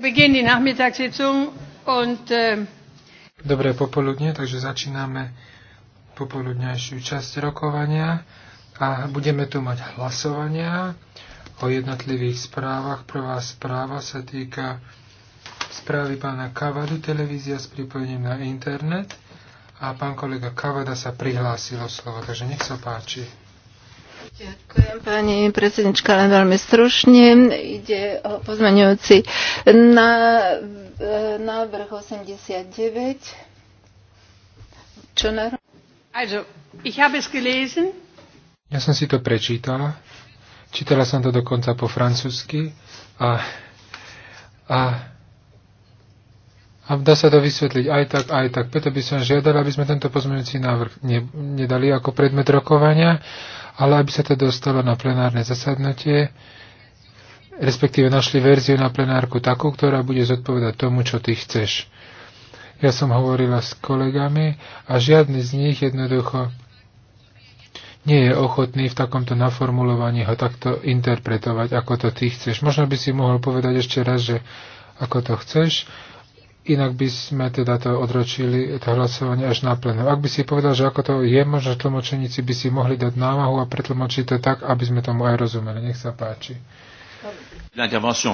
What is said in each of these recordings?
Ähm, Dobré popoludne, takže začíname popoludňajšiu časť rokovania a budeme tu mať hlasovania o jednotlivých správach. Prvá správa sa týka správy pána Kavadu, televízia s pripojením na internet a pán kolega Kavada sa prihlásil o slovo, takže nech sa páči. Ďakujem pani predsednička, len veľmi stručne. Ide o pozmeňujúci na e, návrh 89. Čo na... Also, ich habe es gelesen. Ja som si to prečítala. Čítala som to dokonca po francúzsky a, a a dá sa to vysvetliť aj tak, aj tak. Preto by som žiadal, aby sme tento pozmeňujúci návrh ne, nedali ako predmet rokovania, ale aby sa to dostalo na plenárne zasadnutie, respektíve našli verziu na plenárku takú, ktorá bude zodpovedať tomu, čo ty chceš. Ja som hovorila s kolegami a žiadny z nich jednoducho nie je ochotný v takomto naformulovaní ho takto interpretovať, ako to ty chceš. Možno by si mohol povedať ešte raz, že ako to chceš, Inak by sme teda to odročili, to hlasovanie až na plenum. Ak by si povedal, že ako to je, možno tlmočeníci by si mohli dať námahu a pretlmočiť to tak, aby sme tomu aj rozumeli. Nech sa páči. Euh,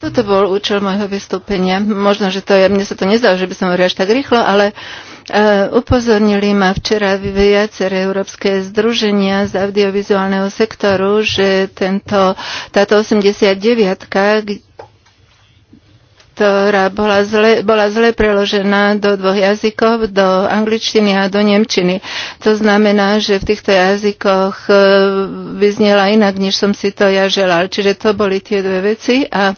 Toto bol účel môjho vystúpenia. Možno, že to, je, mne sa to nezdalo, že by som hovoril až tak rýchlo, ale uh, upozornili ma včera viacere európske združenia z audiovizuálneho sektoru, že tento, táto 89 ktorá bola zle, bola zle preložená do dvoch jazykov, do angličtiny a do nemčiny. To znamená, že v týchto jazykoch e, vyznela inak, než som si to ja želal. Čiže to boli tie dve veci a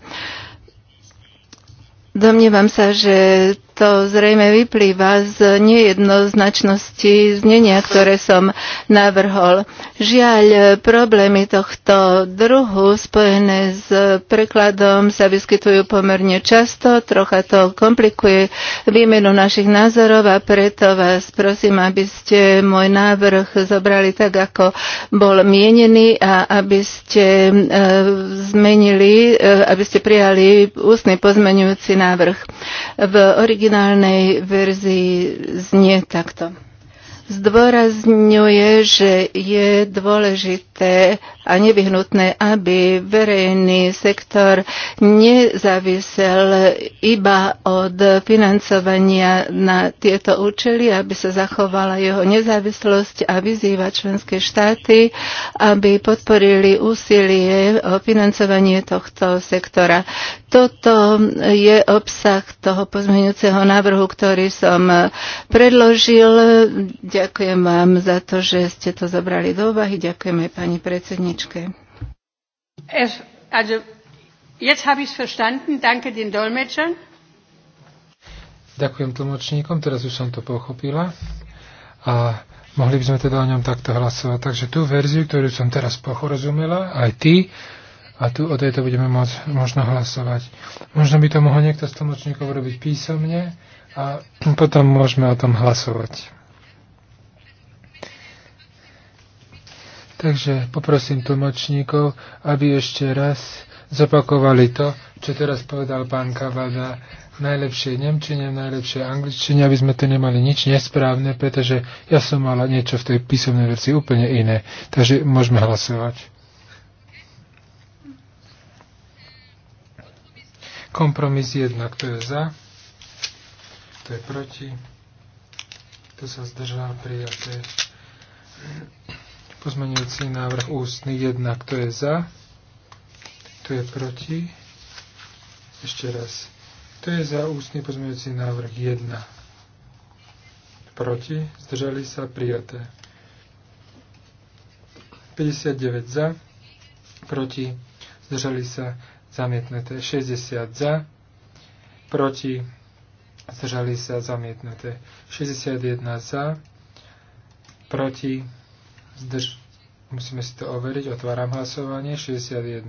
Domnievam sa, že to zrejme vyplýva z nejednoznačnosti znenia, ktoré som navrhol. Žiaľ, problémy tohto druhu spojené s prekladom sa vyskytujú pomerne často, trocha to komplikuje výmenu našich názorov a preto vás prosím, aby ste môj návrh zobrali tak, ako bol mienený a aby ste e, zmenili, e, aby ste prijali ústny pozmenujúci návrh. V origi- originálnej verzii znie takto zdôrazňuje, že je dôležité a nevyhnutné, aby verejný sektor nezávisel iba od financovania na tieto účely, aby sa zachovala jeho nezávislosť a vyzýva členské štáty, aby podporili úsilie o financovanie tohto sektora. Toto je obsah toho pozmeňujúceho návrhu, ktorý som predložil. Ďakujem vám za to, že ste to zobrali do úvahy. Ďakujem aj pani predsedníčka pesničke. Es, also, jetzt habe ich es verstanden. Danke den Dolmetschern. Ďakujem tlmočníkom, teraz už som to pochopila. A mohli by sme teda o ňom takto hlasovať. Takže tú verziu, ktorú som teraz pochorozumela, aj ty, a tu o tejto budeme môcť možno hlasovať. Možno by to mohol niekto z tlmočníkov robiť písomne a potom môžeme o tom hlasovať. Takže poprosím tlmočníkov, aby ešte raz zopakovali to, čo teraz povedal pán Kavada v najlepšej Nemčine, v najlepšej Angličtine, aby sme tu nemali nič nesprávne, pretože ja som mala niečo v tej písomnej verzii úplne iné. Takže môžeme hlasovať. Kompromis 1, kto je za, kto je proti, kto sa zdržal prijaté. Pozmenujúci návrh ústny 1, kto je za, kto je proti. Ešte raz. Kto je za ústny pozmenujúci návrh 1? Proti. Zdržali sa prijaté. 59 za, proti. Zdržali sa zamietnuté. 60 za, proti. Zdržali sa zamietnuté. 61 za, proti Zdrž... Musíme si to overiť. Otváram hlasovanie. 61.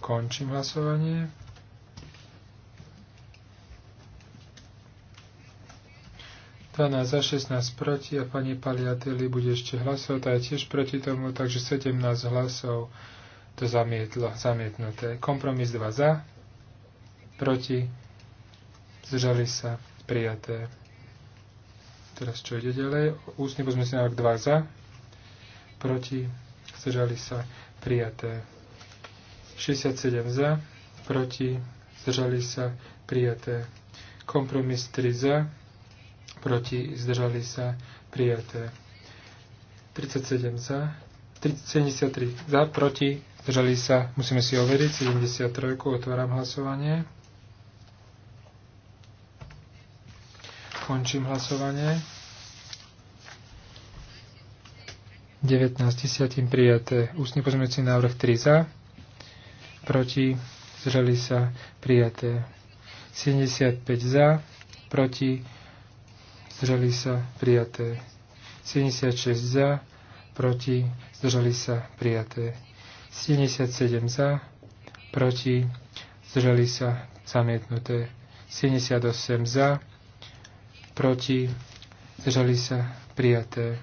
Končím hlasovanie. za 16 proti a pani Paliateli bude ešte hlasovať aj je tiež proti tomu, takže 17 hlasov to zamietlo, zamietnuté. Kompromis 2 za, proti, zdržali sa, prijaté. Teraz čo ide ďalej? Ústny pozmeňujúci návrh 2 za, proti, zdržali sa prijaté. 67 za, proti, zdržali sa prijaté. Kompromis 3 za, proti, zdržali sa prijaté. 37 za, 73 za, proti, zdržali sa, musíme si overiť, 73, otváram hlasovanie. Končím hlasovanie. 19 10 prijaté. Ústny pozmeňujúci návrh 3 za. Proti. Zreli sa prijaté. 75 za. Proti. Zdržali sa prijaté. 76 za. Proti. Zdržali sa prijaté. 77 za. Proti. Zdržali sa zamietnuté. 78 za proti, zdržali sa prijaté.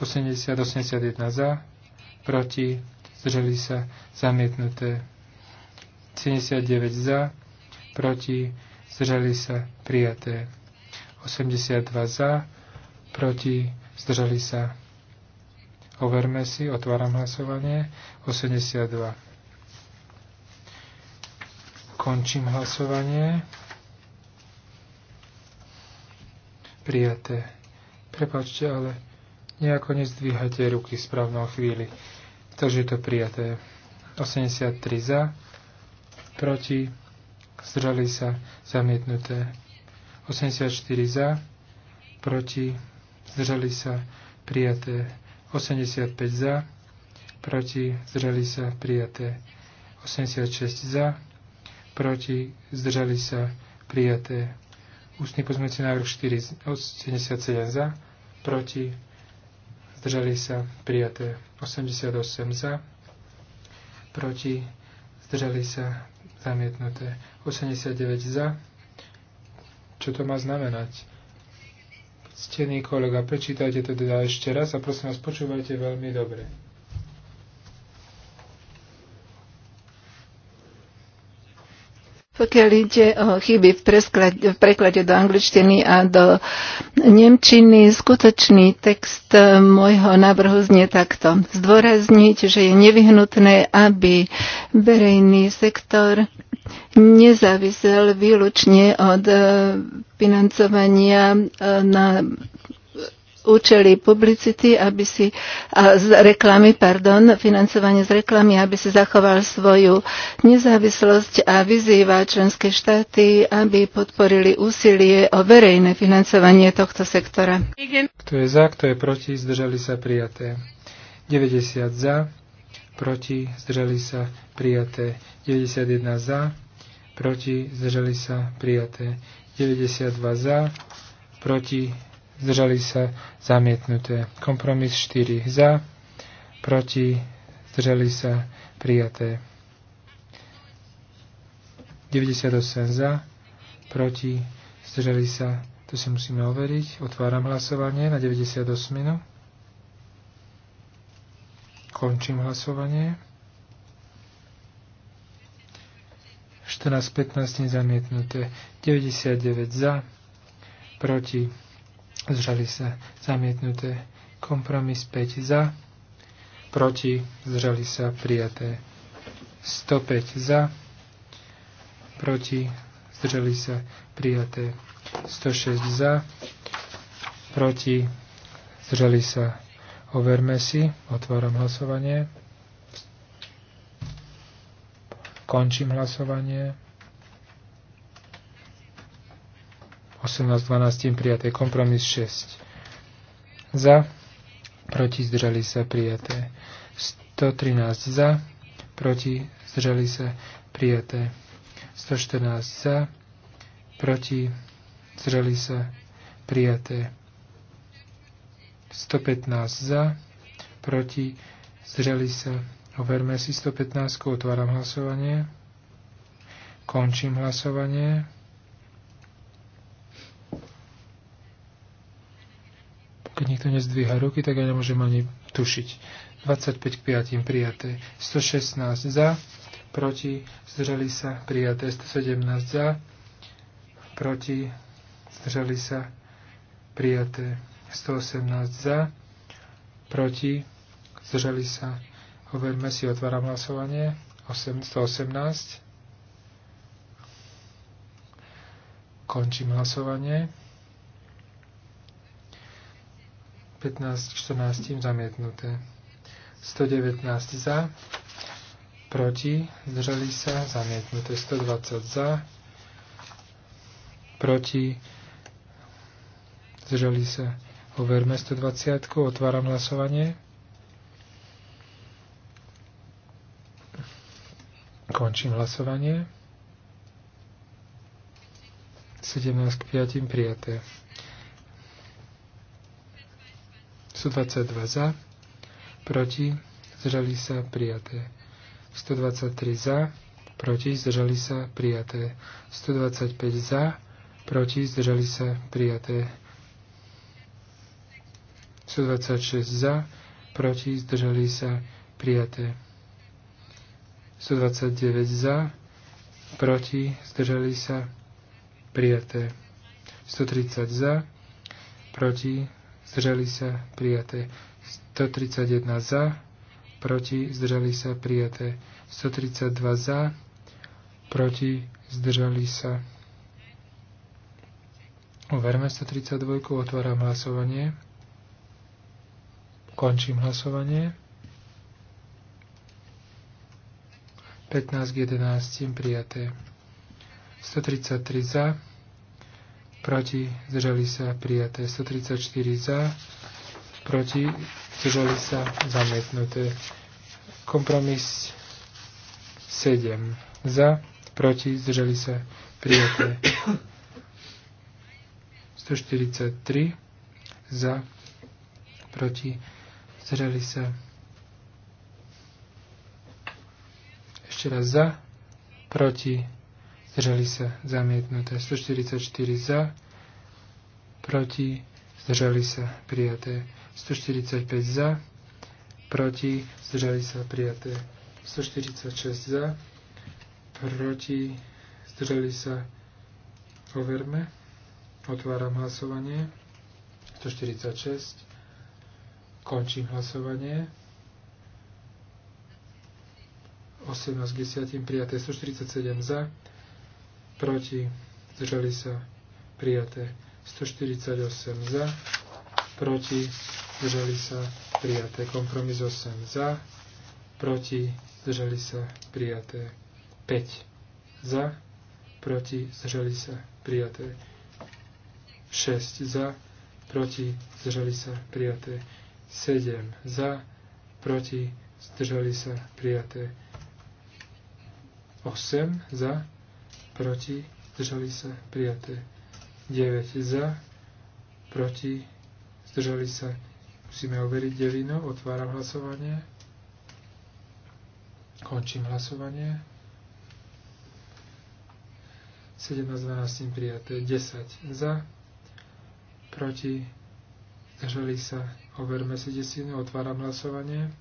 80, 81 za, proti, zdržali sa zamietnuté. 79 za, proti, zdržali sa prijaté. 82 za, proti, zdržali sa. Overme si, otváram hlasovanie. 82. Končím hlasovanie. prijaté. Prepačte, ale nejako nezdvíhate ruky v správnom chvíli. Takže je to prijaté. 83 za, proti, zdržali sa, zamietnuté. 84 za, proti, zdržali sa, prijaté. 85 za, proti, zdržali sa, prijaté. 86 za, proti, zdržali sa, prijaté. Ústny pozmeňujúci návrh 4, 77 za, proti, zdržali sa, prijaté 88 za, proti, zdržali sa, zamietnuté 89 za. Čo to má znamenať? Ctený kolega, prečítajte to teda ešte raz a prosím vás, počúvajte veľmi dobre. Pokiaľ ide o chyby v, v preklade do angličtiny a do nemčiny, skutočný text e, môjho návrhu znie takto. Zdôrazniť, že je nevyhnutné, aby verejný sektor nezávisel výlučne od e, financovania e, na účely publicity, aby si, a z reklamy, pardon, financovanie z reklamy, aby si zachoval svoju nezávislosť a vyzýva členské štáty, aby podporili úsilie o verejné financovanie tohto sektora. Kto je za, kto je proti, zdržali sa prijaté. 90 za, proti, zdržali sa prijaté. 91 za, proti, zdržali sa prijaté. 92 za, proti, zdržali sa zamietnuté. Kompromis 4 za, proti, zdržali sa prijaté. 98 za, proti, zdržali sa, to si musíme overiť. Otváram hlasovanie na 98 minú. Končím hlasovanie. 14.15 nezamietnuté. 99 za, proti, zdržali sa zamietnuté. Kompromis 5 za, proti, zdržali sa prijaté. 105 za, proti, zdržali sa prijaté. 106 za, proti, zdržali sa. Overme si, otváram hlasovanie. Končím hlasovanie. 18.12. prijaté. Kompromis 6. Za. Proti zdržali sa prijaté. 113 za. Proti zdržali sa prijaté. 114 za. Proti zdržali sa prijaté. 115 za. Proti zdržali sa. Overme si 115. Otváram hlasovanie. Končím hlasovanie. Keď nikto nezdvíha ruky, tak ja nemôžem ani tušiť. 25 k 5 prijaté. 116 za, proti, zdržali sa, prijaté. 117 za, proti, zdržali sa, prijaté. 118 za, proti, zdržali sa. Overme si, otváram hlasovanie. 118. Končím hlasovanie. 15 14 zamietnuté. 119 za, proti, zdržali sa, zamietnuté. 120 za, proti, zdržali sa. Overme 120, otváram hlasovanie. Končím hlasovanie. 17 k 5 prijaté. 122 za, proti, zdržali sa prijaté. 123 za, proti, zdržali sa prijaté. 125 za, proti, zdržali sa prijaté. 126 za, proti, zdržali sa prijaté. 129 za, proti, zdržali sa prijaté. 130 za, proti, zdrželi sa prijaté 131 za, proti zdržali sa prijaté 132 za, proti zdržali sa. Overme 132, otváram hlasovanie. Končím hlasovanie. 15 k 11 prijaté. 133 za, proti, zdržali sa prijaté 134 za, proti, zdržali sa zamietnuté. Kompromis 7 za, proti, zdržali sa prijaté 143 za, proti, zdržali sa ešte raz za, proti, zdržali sa zamietnuté 144 za, proti, zdržali sa prijaté 145 za, proti, zdržali sa prijaté 146 za, proti, zdržali sa, overme, otváram hlasovanie 146, končím hlasovanie 18 k 10, prijaté 147 za, proti, zdržali sa prijaté 148 za, proti, zdržali sa prijaté kompromis 8 za, proti, zdržali sa prijaté 5 za, proti, zdržali sa prijaté 6 za, proti, zdržali sa prijaté 7 za, proti, zdržali sa prijaté 8 za, proti, zdržali sa, prijaté. 9 za, proti, zdržali sa. Musíme overiť devinu, otváram hlasovanie. Končím hlasovanie. 17, 12 prijaté, 10 za, proti, zdržali sa, overme si desinu, otváram hlasovanie.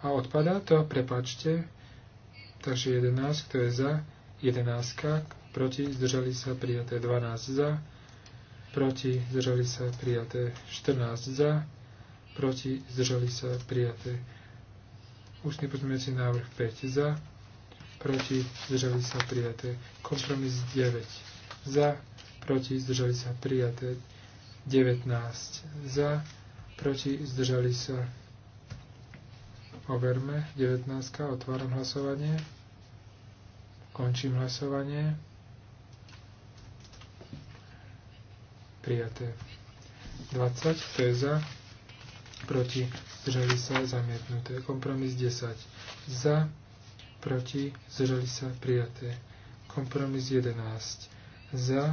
A odpadá to, prepačte. Takže 11, kto je za, 11 proti, zdržali sa prijaté 12 za, proti, zdržali sa prijaté 14 za, proti, zdržali sa prijaté ústny pozmeňujúci návrh 5 za, proti, zdržali sa prijaté kompromis 9 za, proti, zdržali sa prijaté 19 za, proti, zdržali sa overme 19, otváram hlasovanie. Končím hlasovanie. Prijaté. 20, to je za? Proti, zdržali sa, zamietnuté. Kompromis 10. Za, proti, zdržali sa, prijaté. Kompromis 11. Za,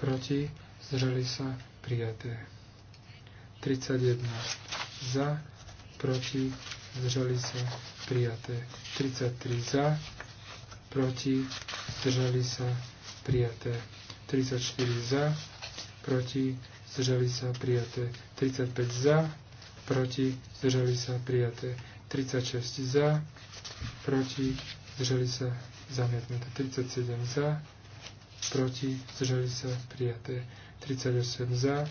proti, zdržali sa, prijaté. 31. Za, proti, zdržali sa, prijaté. 33. Za, proti, zdržali sa, prijaté. 34 za, proti, zdržali sa, prijaté. 35 za, proti, zdržali sa, prijaté. 36 za, proti, zdržali sa, zamietnuté. 37 za, proti, zdržali sa, prijaté. 38 za,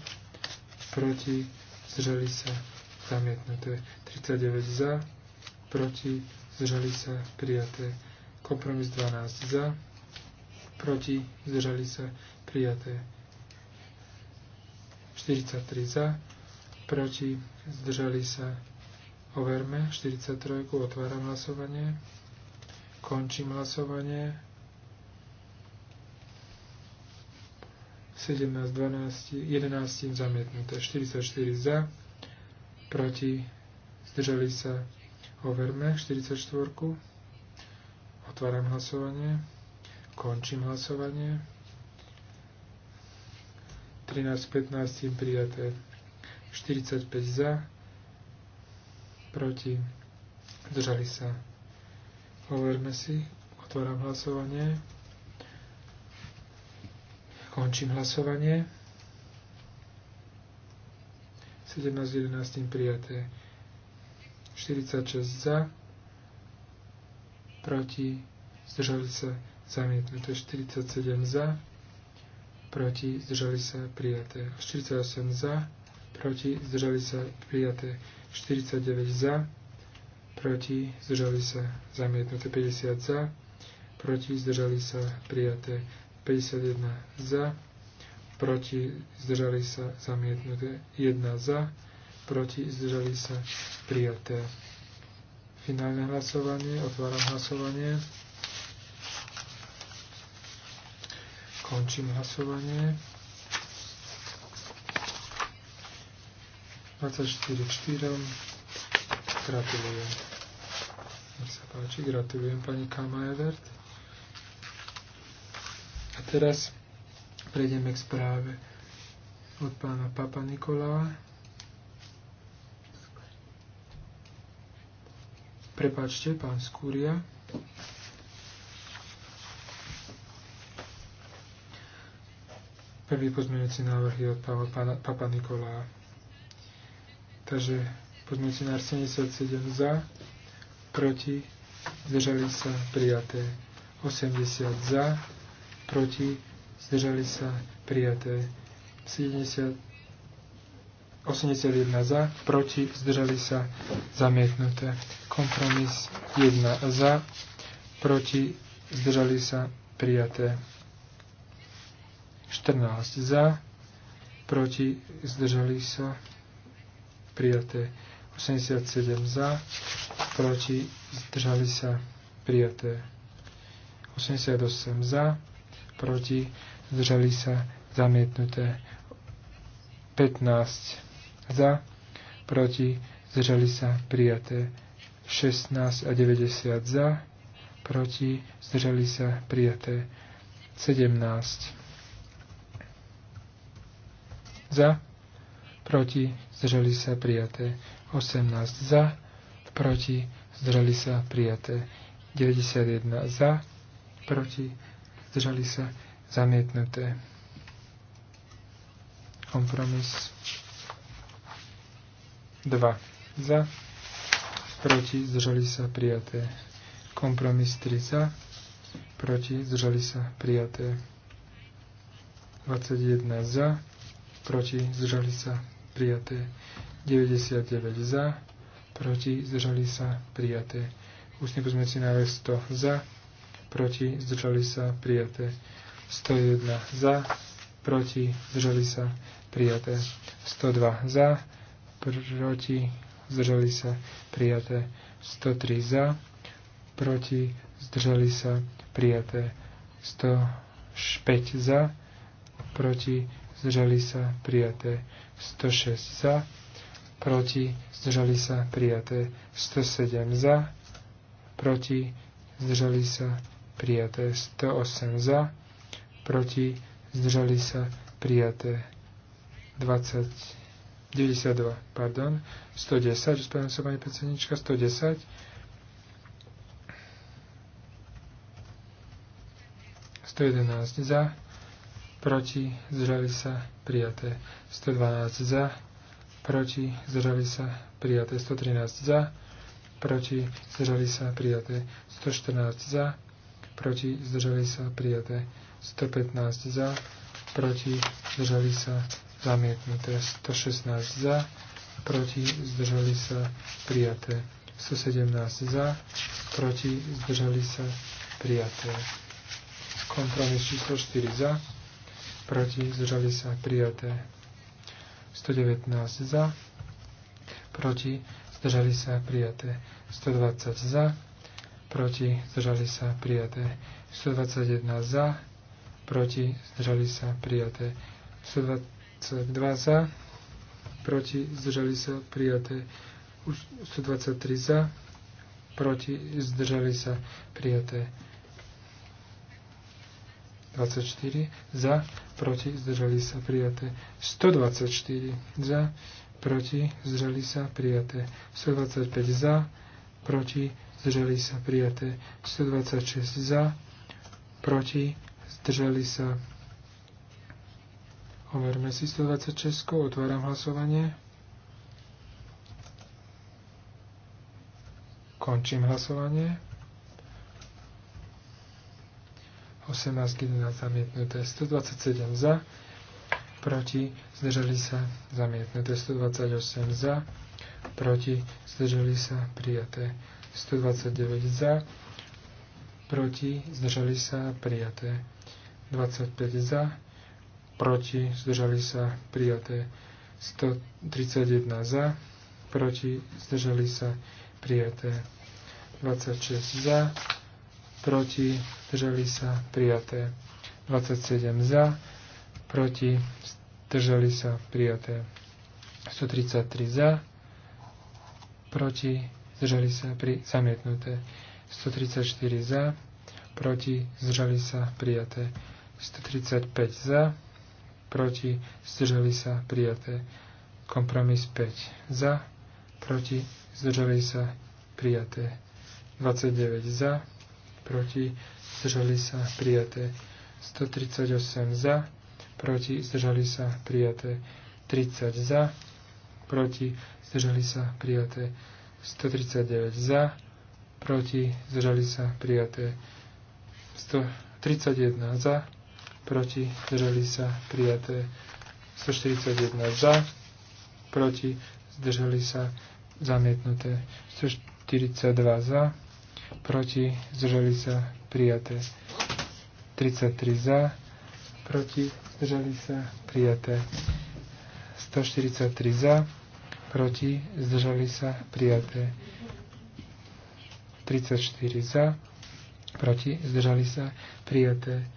proti, zdržali sa, zamietnuté. 39 za, proti, zdržali sa, prijaté. Kompromis 12 za, proti, zdržali sa, prijaté. 43 za, proti, zdržali sa, overme. 43, otváram hlasovanie, končím hlasovanie. 17, 12, 11 zamietnuté, 44 za, proti, zdržali sa, overme, 44. Otváram hlasovanie. Končím hlasovanie. 13.15 prijaté. 45 za. Proti. Zdržali sa. Overme si. Otváram hlasovanie. Končím hlasovanie. 17.11 prijaté. 46 za proti, zdržali sa zamietnuté 47 za, proti, zdržali sa prijaté 48 za, proti, zdržali sa prijaté 49 za, proti, zdržali sa zamietnuté 50 za, proti, zdržali sa prijaté 51 za, proti, zdržali sa zamietnuté 1 za, proti, zdržali sa prijaté Finálne hlasovanie. Otváram hlasovanie. Končím hlasovanie. 24 k 4. Gratulujem. Nech sa páči, gratulujem pani Evert. A teraz prejdeme k správe od pána Papa Nikoláva. Prepačte, pán Skúria. Prvý pozmeňujúci návrh je od pána, Papa Nikolá. Takže pozmeňujúci návrh 77 za, proti, zdržali sa, prijaté. 80 za, proti, zdržali sa, prijaté. 70, 81 za, proti, zdržali sa, zamietnuté. Kompromis 1 za, proti, zdržali sa, prijaté. 14 za, proti, zdržali sa, prijaté. 87 za, proti, zdržali sa, prijaté. 88 za, proti, zdržali sa, zamietnuté. 15 za, proti, zdržali sa, prijaté. 16 a 90 za, proti, zdržali sa prijaté 17 za, proti, zdržali sa prijaté 18 za, proti, zdržali sa prijaté 91 za, proti, zdržali sa zamietnuté. Kompromis 2 za proti, zdržali sa prijaté. Kompromis 3 za, proti, zdržali sa prijaté. 21 za, proti, zdržali sa prijaté. 99 za, proti, zdržali sa prijaté. Ústne pozmeci návrh 100 za, proti, zdržali sa prijaté. 101 za, proti, zdržali sa prijaté. 102 za, proti, zdržali sa prijaté 103 za, proti zdržali sa prijaté 105 za, proti zdržali sa prijaté 106 za, proti zdržali sa prijaté 107 za, proti zdržali sa prijaté 108 za, proti zdržali sa prijaté 20 92, pardon, 110, ospravedlňujem sa pani predsednička, 110, 111 za, proti, zdržali sa, prijaté. 112 za, proti, zdržali sa, prijaté. 113 za, proti, zdržali sa, prijaté. 114 za, proti, zdržali sa, prijaté. 115 za, proti, zdržali sa, zamietnuté 116 za, proti zdržali sa prijaté 117 za, proti zdržali sa prijaté. Kompromis číslo 4 za, proti zdržali sa prijaté 119 za, proti zdržali sa prijaté 120 za, proti zdržali sa prijaté 121 za, proti zdržali sa prijaté 120 122 za, proti zdržali sa prijaté 123 za, proti zdržali sa prijaté 24 za, proti zdržali sa prijaté 124 za, proti zdržali sa prijaté 125 za, proti zdržali sa prijaté 126 za, proti zdržali sa prijaté Overme si 126. Otváram hlasovanie. Končím hlasovanie. 18 11 zamietnuté, 127 za, proti, zdržali sa, zamietnuté, 128 za, proti, zdržali sa, prijaté, 129 za, proti, zdržali sa, prijaté, 25 za, proti, zdržali sa prijaté 131 za, proti, zdržali sa prijaté 26 za, proti, zdržali sa prijaté 27 za, proti, zdržali sa prijaté 133 za, proti, zdržali sa pri zamietnuté 134 za, proti, zdržali sa prijaté 135 za, proti, zdržali sa, prijaté. Kompromis 5 za, proti, zdržali sa, prijaté. 29 za, proti, zdržali sa, prijaté. 138 za, proti, zdržali sa, prijaté. 30 za, proti, zdržali sa, prijaté. 139 za, proti, zdržali sa, prijaté. 131 za, proti, zdržali sa prijaté 141 za, proti, zdržali sa zamietnuté 142 za, proti, zdržali sa prijaté 33 za, proti, zdržali sa prijaté 143 za, proti, zdržali sa prijaté 34 za, proti, zdržali sa prijaté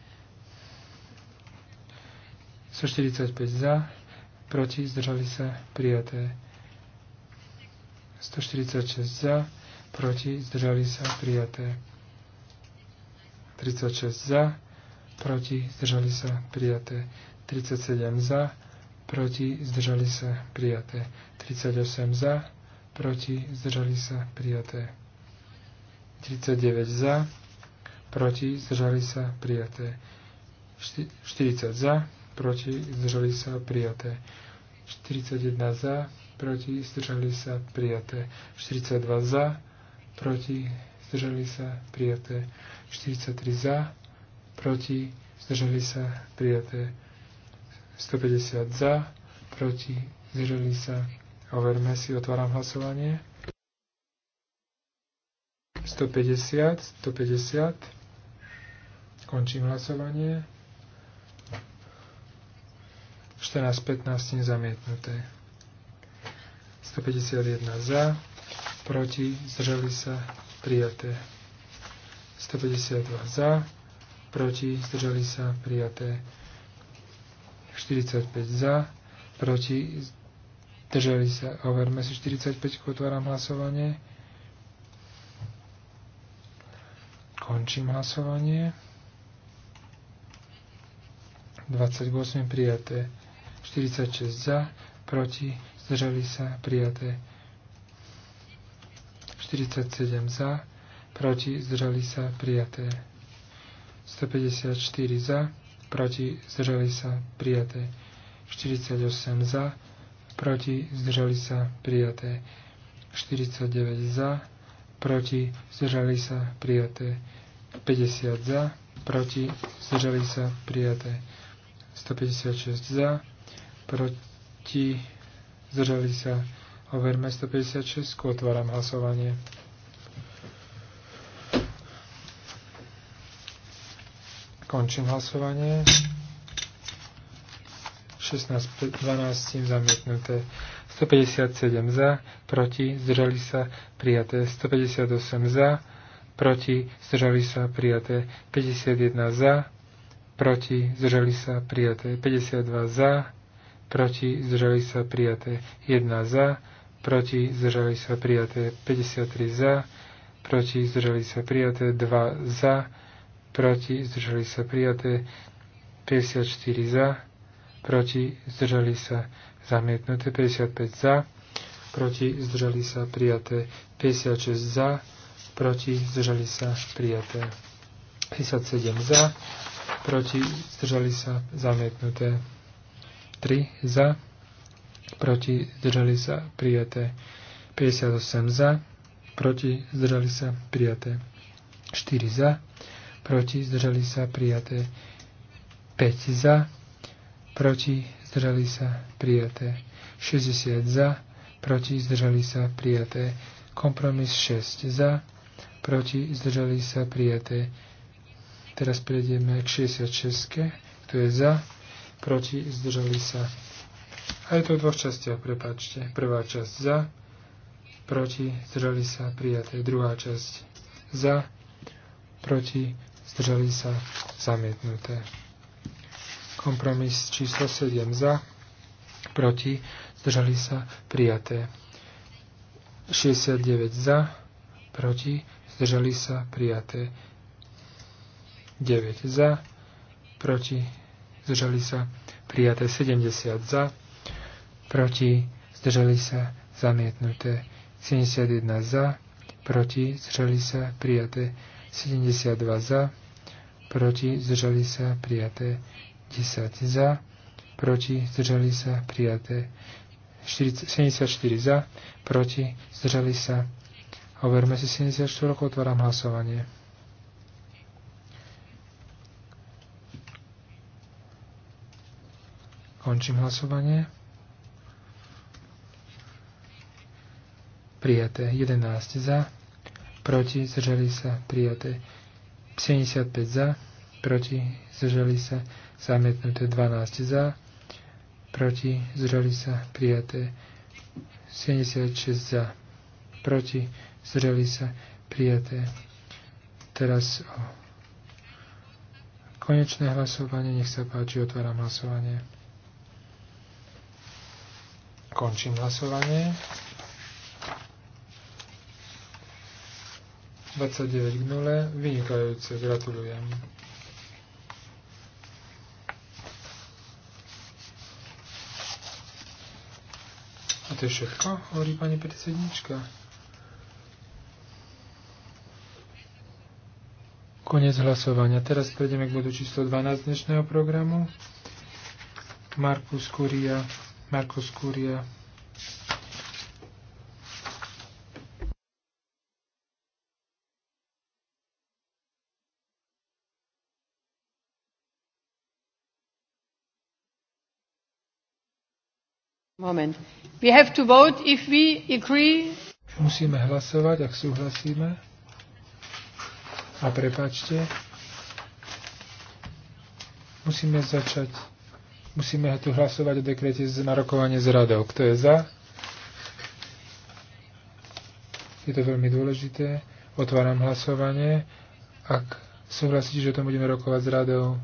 145 za, proti, zdržali sa, prijaté. 146 za, proti, zdržali sa, prijaté. 36 za, proti, zdržali sa, prijaté. 37 za, proti, zdržali sa, prijaté. 38 za, proti, zdržali sa, prijaté. 39 za, proti, zdržali sa, prijaté. 40 za, proti, zdržali sa, prijaté. 41 za, proti, zdržali sa, prijaté. 42 za, proti, zdržali sa, prijaté. 43 za, proti, zdržali sa, prijaté. 150 za, proti, zdržali sa. Overme si, otváram hlasovanie. 150, 150. Končím hlasovanie. 14-15 zamietnuté. 151 za, proti, zdržali sa, prijaté. 152 za, proti, zdržali sa, prijaté. 45 za, proti, zdržali sa, overme si 45, otváram hlasovanie. Končím hlasovanie. 28 prijaté. 46 za, proti, zdržali sa, prijaté. 47 za, proti, zdržali sa, prijaté. 154 za, proti, zdržali sa, prijaté. 48 za, proti, zdržali sa, prijaté. 49 za, proti, zdržali sa, prijaté. 50 za, proti, zdržali sa, prijaté. 156 za, proti, zdržali sa, overme 156, otváram hlasovanie. Končím hlasovanie. 16, 12 zamietnuté. 157 za, proti, zdržali sa, prijaté. 158 za, proti, zdržali sa, prijaté. 51 za, proti, zdržali sa, prijaté. 52 za, proti zdržali sa prijaté 1 za, proti zdržali sa prijaté 53 za, proti zdržali sa prijaté 2 za, proti zdržali sa prijaté 54 za, proti zdržali sa zamietnuté 55 za, proti zdržali sa prijaté 56 za, proti zdržali sa prijaté 57 za, proti zdržali sa zamietnuté 3 za, proti zdržali sa prijaté 58 za, proti zdržali sa prijaté 4 za, proti zdržali sa prijaté 5 za, proti zdržali sa prijaté 60 za, proti zdržali sa prijaté kompromis 6 za, proti zdržali sa prijaté. Teraz prejdeme k 66, kto je za, proti, zdržali sa. Aj to v dvoch častiach, prepačte. Prvá časť za, proti, zdržali sa, prijaté. Druhá časť za, proti, zdržali sa, zamietnuté. Kompromis číslo 7 za, proti, zdržali sa, prijaté. 69 za, proti, zdržali sa, prijaté. 9 za, proti, zdržali sa, prijaté 70 za, proti, zdržali sa, zamietnuté 71 za, proti, zdržali sa, prijaté 72 za, proti, zdržali sa, prijaté 10 za, proti, zdržali sa, prijaté 74 za, proti, zdržali sa. Overme si 74, otváram hlasovanie. Končím hlasovanie. Prijaté. 11 za. Proti. Zdržali sa. Prijaté. 75 za. Proti. Zdržali sa. Zamietnuté. 12 za. Proti. Zdržali sa. Prijaté. 76 za. Proti. Zdržali sa. Prijaté. Teraz o konečné hlasovanie. Nech sa páči. Otváram hlasovanie. Končím hlasovanie. 29 k 0. Vynikajúce. Gratulujem. A to je všetko, hovorí pani predsednička. Konec hlasovania. Teraz prejdeme k bodu číslo 12 dnešného programu. Markus Kuria Marcos Curia. Moment. We have to vote if we agree. Musíme hlasovať, ak súhlasíme. A prepačte. Musíme začať Musíme tu hlasovať o dekrete z narokovanie z radou. Kto je za? Je to veľmi dôležité. Otváram hlasovanie. Ak súhlasíte, že o tom budeme rokovať s radou,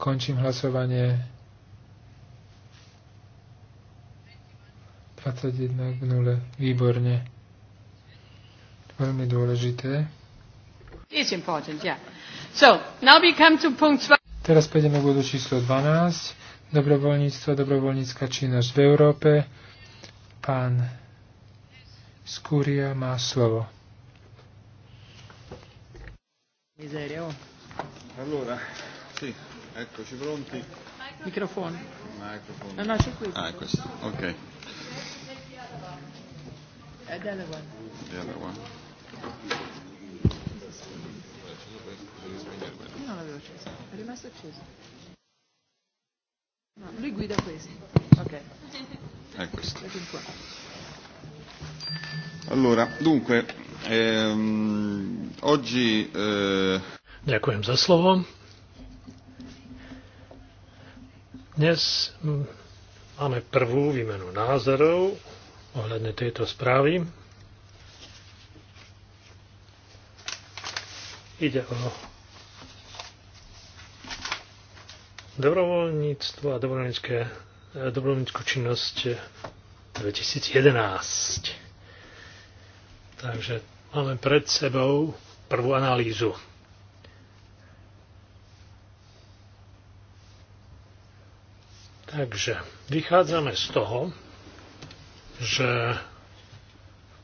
končím hlasovanie. 21 k 0. Výborne. Veľmi dôležité. It's important, yeah. So, now we come to punkt 2. Teraz pôjdeme k bodu číslo 12. Dobrovoľníctvo, dobrovoľnícka činnosť v Európe. Pán Skúria má slovo. Miserio. Oh. Allora, sì, eccoci pronti. Microfono. Microfono. No, no, c'è qui. Ah, è questo, ok. The other one. The No, lui guida Ok. È questo. Allora, dunque, ehm, oggi... Eh... Ďakujem za slovo. Dnes hm, máme prvú výmenu názorov ohľadne tejto správy. Ide o dobrovoľníctvo a dobrovoľníckú eh, činnosť 2011. Eh, Takže máme pred sebou prvú analýzu. Takže vychádzame z toho, že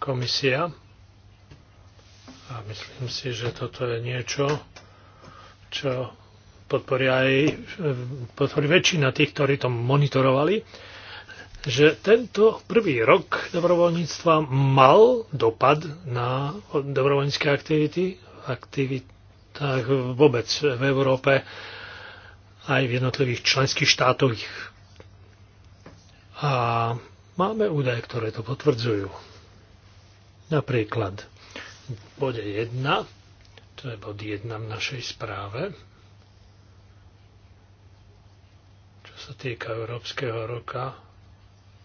komisia, a myslím si, že toto je niečo, čo podporí aj e, podporí väčšina tých, ktorí to monitorovali, že tento prvý rok dobrovoľníctva mal dopad na dobrovoľnícke aktivity, aktivitách vôbec v Európe, aj v jednotlivých členských štátoch. A máme údaje, ktoré to potvrdzujú. Napríklad v bode 1, to je bod 1 v našej správe, sa týka Európskeho roka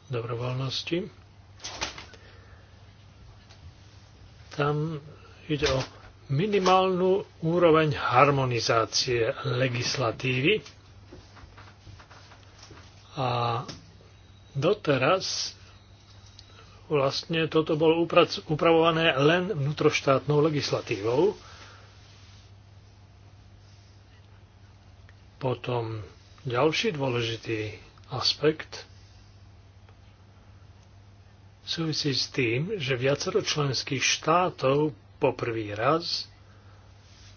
dobrovoľnosti. Tam ide o minimálnu úroveň harmonizácie legislatívy a doteraz vlastne toto bolo upravované len vnútroštátnou legislatívou. Potom ďalší dôležitý aspekt súvisí s tým, že viacero členských štátov poprvý raz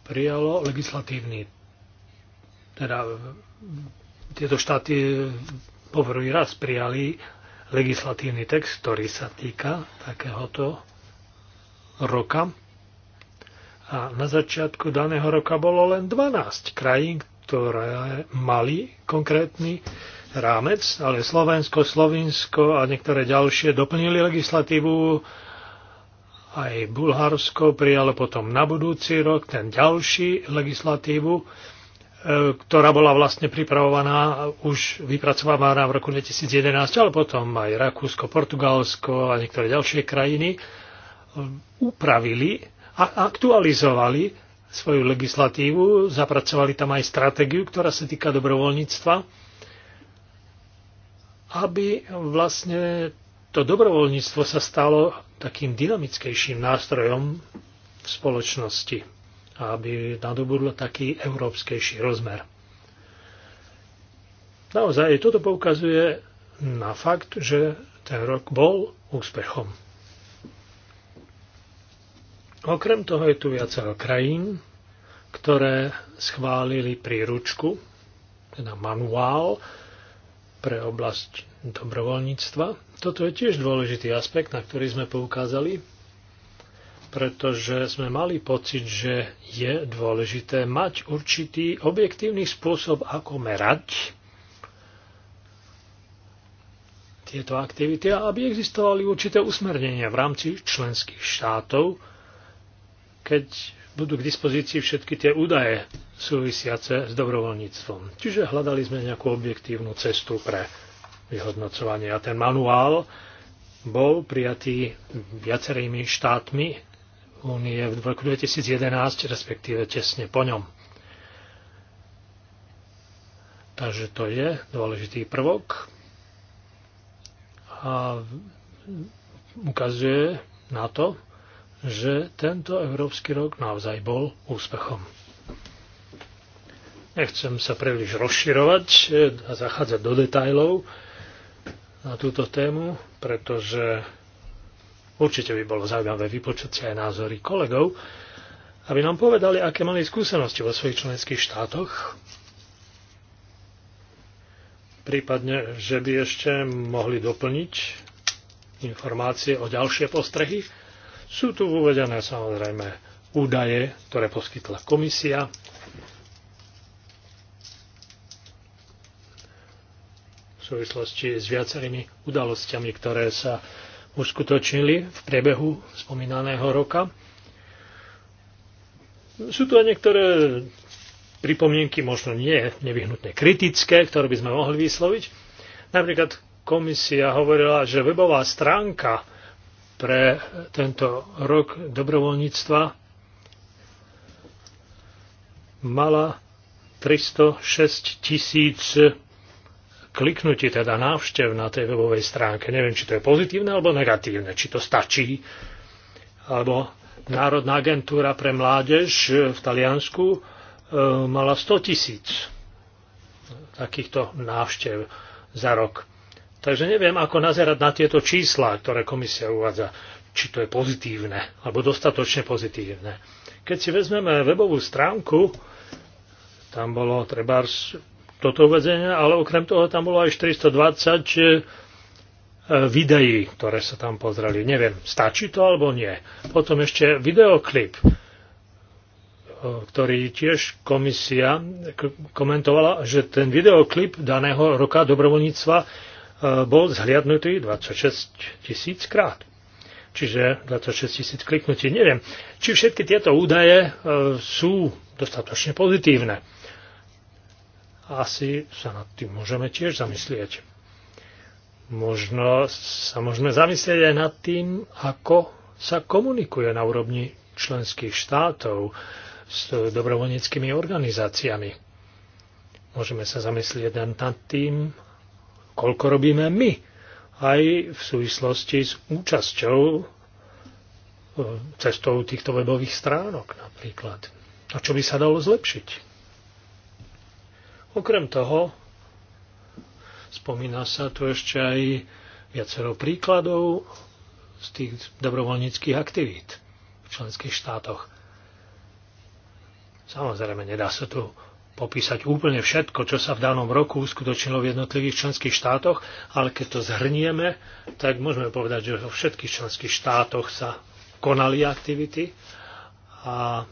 prijalo legislatívny teda tieto štáty poprvý raz prijali legislatívny text, ktorý sa týka takéhoto roka. A na začiatku daného roka bolo len 12 krajín, ktoré mali konkrétny rámec, ale Slovensko, Slovinsko a niektoré ďalšie doplnili legislatívu. Aj Bulharsko prijalo potom na budúci rok ten ďalší legislatívu, e, ktorá bola vlastne pripravovaná, už vypracovaná v roku 2011, ale potom aj Rakúsko, Portugalsko a niektoré ďalšie krajiny e, upravili a aktualizovali svoju legislatívu, zapracovali tam aj stratégiu, ktorá sa týka dobrovoľníctva, aby vlastne to dobrovoľníctvo sa stalo takým dynamickejším nástrojom v spoločnosti, aby nadobudlo taký európskejší rozmer. Naozaj toto poukazuje na fakt, že ten rok bol úspechom. Okrem toho je tu viacero krajín, ktoré schválili príručku, teda manuál pre oblasť dobrovoľníctva. Toto je tiež dôležitý aspekt, na ktorý sme poukázali, pretože sme mali pocit, že je dôležité mať určitý objektívny spôsob, ako merať tieto aktivity a aby existovali určité usmernenia v rámci členských štátov, keď budú k dispozícii všetky tie údaje súvisiace s dobrovoľníctvom. Čiže hľadali sme nejakú objektívnu cestu pre vyhodnocovanie. A ten manuál bol prijatý viacerými štátmi únie v roku 2011, respektíve tesne po ňom. Takže to je dôležitý prvok a ukazuje na to, že tento Európsky rok naozaj bol úspechom. Nechcem sa príliš rozširovať a zachádzať do detajlov na túto tému, pretože určite by bolo zaujímavé vypočuť si aj názory kolegov, aby nám povedali, aké mali skúsenosti vo svojich členských štátoch, prípadne, že by ešte mohli doplniť informácie o ďalšie postrehy sú tu uvedené samozrejme údaje, ktoré poskytla komisia. V súvislosti s viacerými udalosťami, ktoré sa uskutočnili v priebehu spomínaného roka. Sú tu aj niektoré pripomienky, možno nie nevyhnutne kritické, ktoré by sme mohli vysloviť. Napríklad komisia hovorila, že webová stránka pre tento rok dobrovoľníctva mala 306 tisíc kliknutí, teda návštev na tej webovej stránke. Neviem, či to je pozitívne alebo negatívne, či to stačí. Alebo Národná agentúra pre mládež v Taliansku e, mala 100 tisíc takýchto návštev za rok. Takže neviem, ako nazerať na tieto čísla, ktoré komisia uvádza, či to je pozitívne, alebo dostatočne pozitívne. Keď si vezmeme webovú stránku, tam bolo treba toto uvedenie, ale okrem toho tam bolo aj 420 eh, videí, ktoré sa tam pozreli. Neviem, stačí to alebo nie. Potom ešte videoklip, eh, ktorý tiež komisia komentovala, že ten videoklip daného roka dobrovoľníctva Eh, bol zhliadnutý 26 tisíc krát. Čiže 26 tisíc kliknutí. Neviem, či všetky tieto údaje eh, sú dostatočne pozitívne. Asi sa nad tým môžeme tiež zamyslieť. Možno sa môžeme zamyslieť aj nad tým, ako sa komunikuje na úrovni členských štátov s dobrovoľníckými organizáciami. Môžeme sa zamyslieť nad tým, koľko robíme my aj v súvislosti s účasťou e, cestou týchto webových stránok napríklad. A čo by sa dalo zlepšiť? Okrem toho, spomína sa tu ešte aj viacero príkladov z tých dobrovoľníckých aktivít v členských štátoch. Samozrejme, nedá sa tu popísať úplne všetko, čo sa v danom roku uskutočnilo v jednotlivých členských štátoch, ale keď to zhrnieme, tak môžeme povedať, že vo všetkých členských štátoch sa konali aktivity a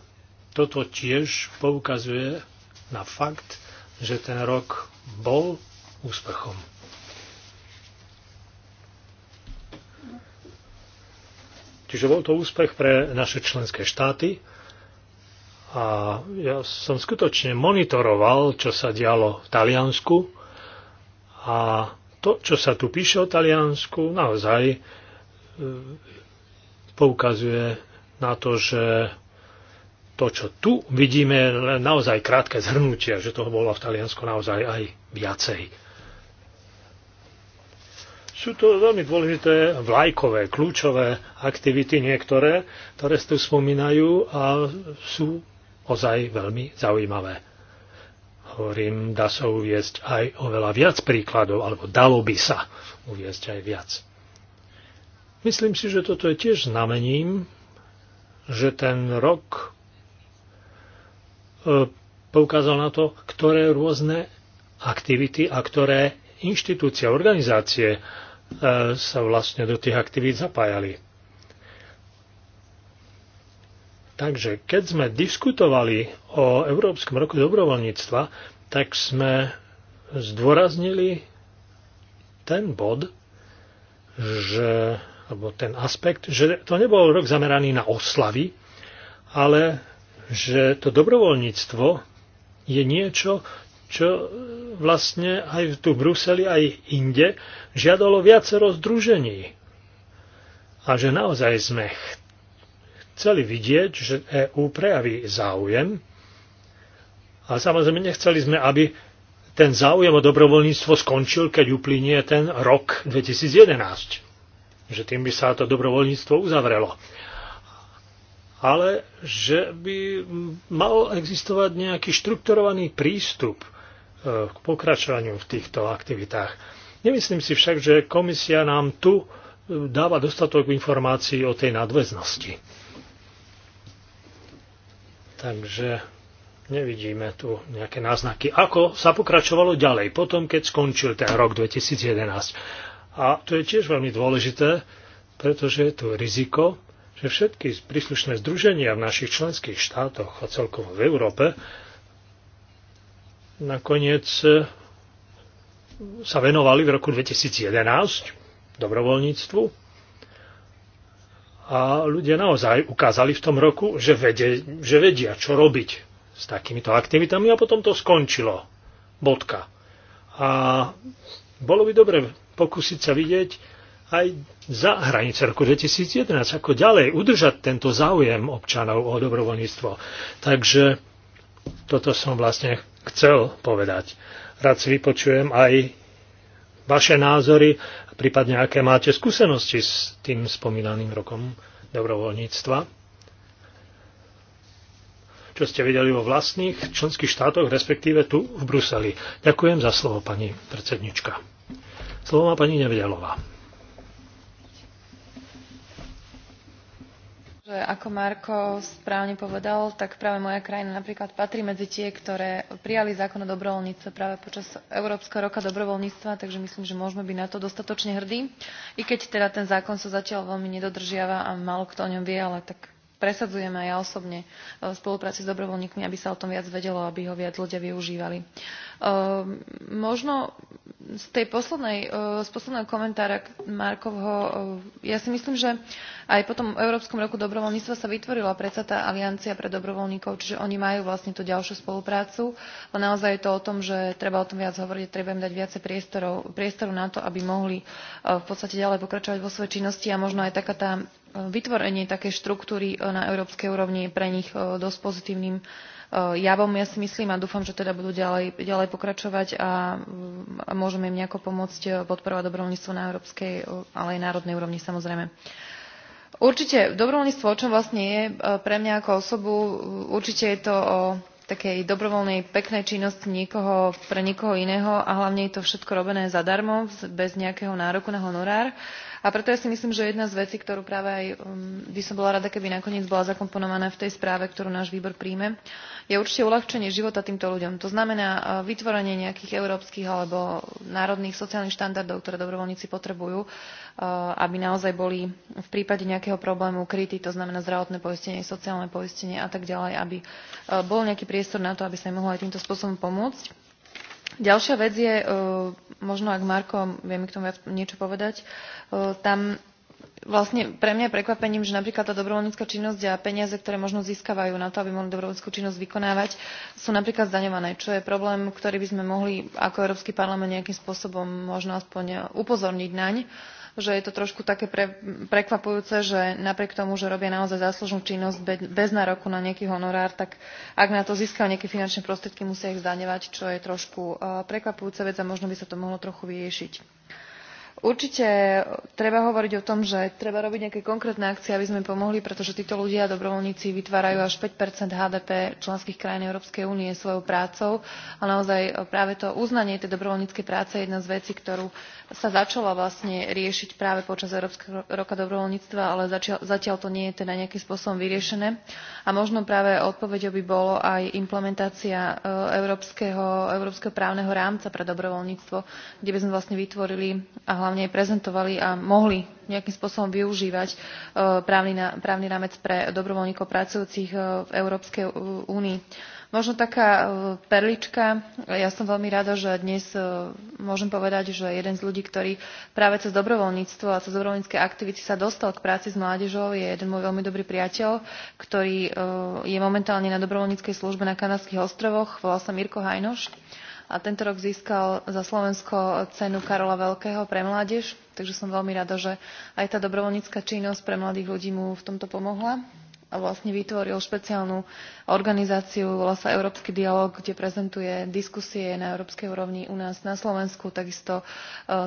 toto tiež poukazuje na fakt, že ten rok bol úspechom. Čiže bol to úspech pre naše členské štáty, a ja som skutočne monitoroval, čo sa dialo v Taliansku a to, čo sa tu píše o Taliansku, naozaj e, poukazuje na to, že to, čo tu vidíme, je naozaj krátke zhrnutie, že toho bolo v Taliansku naozaj aj viacej. Sú to veľmi dôležité vlajkové, kľúčové aktivity niektoré, ktoré sa tu spomínajú a sú ozaj veľmi zaujímavé. Hovorím, dá sa uviezť aj oveľa viac príkladov, alebo dalo by sa uviezť aj viac. Myslím si, že toto je tiež znamením, že ten rok e, poukázal na to, ktoré rôzne aktivity a ktoré inštitúcie, organizácie e, sa vlastne do tých aktivít zapájali. Takže keď sme diskutovali o Európskom roku dobrovoľníctva, tak sme zdôraznili ten bod, že, alebo ten aspekt, že to nebol rok zameraný na oslavy, ale že to dobrovoľníctvo je niečo, čo vlastne aj tu v Bruseli, aj inde žiadalo viacero združení. A že naozaj sme chceli vidieť, že EÚ prejaví záujem, ale samozrejme nechceli sme, aby ten záujem o dobrovoľníctvo skončil, keď uplynie ten rok 2011. Že tým by sa to dobrovoľníctvo uzavrelo. Ale že by mal existovať nejaký štrukturovaný prístup e, k pokračovaniu v týchto aktivitách. Nemyslím si však, že komisia nám tu e, dáva dostatok informácií o tej nadväznosti. Takže nevidíme tu nejaké náznaky. Ako sa pokračovalo ďalej, potom keď skončil ten rok 2011. A to je tiež veľmi dôležité, pretože je tu riziko, že všetky príslušné združenia v našich členských štátoch a celkovo v Európe nakoniec sa venovali v roku 2011 dobrovoľníctvu a ľudia naozaj ukázali v tom roku, že, vedia, že vedia, čo robiť s takýmito aktivitami a potom to skončilo. Bodka. A bolo by dobre pokúsiť sa vidieť aj za hranice roku 2011, ako ďalej udržať tento záujem občanov o dobrovoľníctvo. Takže toto som vlastne chcel povedať. Rád si vypočujem aj vaše názory, prípadne aké máte skúsenosti s tým spomínaným rokom dobrovoľníctva. Čo ste videli vo vlastných členských štátoch, respektíve tu v Bruseli. Ďakujem za slovo, pani predsednička. Slovo má pani Nevedelová. že ako Marko správne povedal, tak práve moja krajina napríklad patrí medzi tie, ktoré prijali zákon o dobrovoľníctve práve počas Európskeho roka dobrovoľníctva, takže myslím, že môžeme byť na to dostatočne hrdí. I keď teda ten zákon sa zatiaľ veľmi nedodržiava a málo kto o ňom vie, ale tak presadzujem aj ja osobne v e, spolupráci s dobrovoľníkmi, aby sa o tom viac vedelo, aby ho viac ľudia využívali. Ehm, možno z, tej poslednej, e, z posledného komentára Markovho, e, ja si myslím, že aj po tom Európskom roku dobrovoľníctva sa vytvorila predsa tá aliancia pre dobrovoľníkov, čiže oni majú vlastne tú ďalšiu spoluprácu, ale naozaj je to o tom, že treba o tom viac hovoriť, treba im dať viacej priestorov, priestoru na to, aby mohli e, v podstate ďalej pokračovať vo svojej činnosti a možno aj taká tá vytvorenie takej štruktúry na európskej úrovni je pre nich dosť pozitívnym javom. Eh, ja si myslím a dúfam, že teda budú ďalej, ďalej pokračovať a môžeme im nejako pomôcť eh, podporovať dobrovoľníctvo na európskej, eh, ale aj národnej úrovni samozrejme. Určite dobrovoľníctvo, o čom vlastne je pre mňa ako osobu, určite je to o takej dobrovoľnej, peknej činnosti niekoho pre niekoho iného a hlavne je to všetko robené zadarmo, bez nejakého nároku na honorár. Uh, a preto ja si myslím, že jedna z vecí, ktorú práve aj um, by som bola rada, keby nakoniec bola zakomponovaná v tej správe, ktorú náš výbor príjme, je určite uľahčenie života týmto ľuďom. To znamená uh, vytvorenie nejakých európskych alebo národných sociálnych štandardov, ktoré dobrovoľníci potrebujú, uh, aby naozaj boli v prípade nejakého problému krytí, to znamená zdravotné poistenie, sociálne poistenie a tak ďalej, aby uh, bol nejaký priestor na to, aby sa im mohlo aj týmto spôsobom pomôcť. Ďalšia vec je možno ak Marko vie mi k tomu viac niečo povedať, e, tam vlastne pre mňa je prekvapením, že napríklad tá dobrovoľnícka činnosť a peniaze, ktoré možno získavajú na to, aby mohli dobrovoľníckú činnosť vykonávať, sú napríklad zdaňované, čo je problém, ktorý by sme mohli ako Európsky parlament nejakým spôsobom možno aspoň upozorniť naň že je to trošku také pre, prekvapujúce, že napriek tomu, že robia naozaj záslužnú činnosť bez, bez nároku na nejaký honorár, tak ak na to získajú nejaké finančné prostriedky, musia ich zdaňovať, čo je trošku uh, prekvapujúca vec a možno by sa to mohlo trochu vyriešiť určite treba hovoriť o tom že treba robiť nejaké konkrétne akcie aby sme pomohli pretože títo ľudia dobrovoľníci vytvárajú až five hdp členských krajín európskej únie svojou prácou a naozaj eh, práve to uznanie tej dobrovoľníckej práce je jedna z vecí ktorú sa začala vlastne riešiť práve počas európskeho roka dobrovoľníctva ale zatiaľ, zatiaľ to nie je teda nejakým spôsobom vyriešené a možno práve odpoveďou by bolo aj implementácia eh, európskeho, európskeho právneho rámca pre dobrovoľníctvo kde by sme vlastne vytvorili a hlavne aj prezentovali a mohli nejakým spôsobom využívať e, právny, rámec pre dobrovoľníkov pracujúcich e, v Európskej únii. Možno taká e, perlička, ja som veľmi rada, že dnes môžem povedať, že jeden z ľudí, ktorý práve cez dobrovoľníctvo a cez dobrovoľnícke aktivity sa dostal k práci s mládežou, je jeden môj veľmi dobrý priateľ, ktorý je momentálne na dobrovoľníckej službe na Kanadských ostrovoch, volá sa Mirko Hajnoš a tento rok získal za Slovensko cenu Karola Veľkého pre mládež, takže som veľmi rada, že aj tá dobrovoľnícka činnosť pre mladých ľudí mu v tomto pomohla vlastne vytvoril špeciálnu organizáciu, volá sa Európsky dialog, kde prezentuje diskusie na európskej úrovni u nás na Slovensku, takisto e,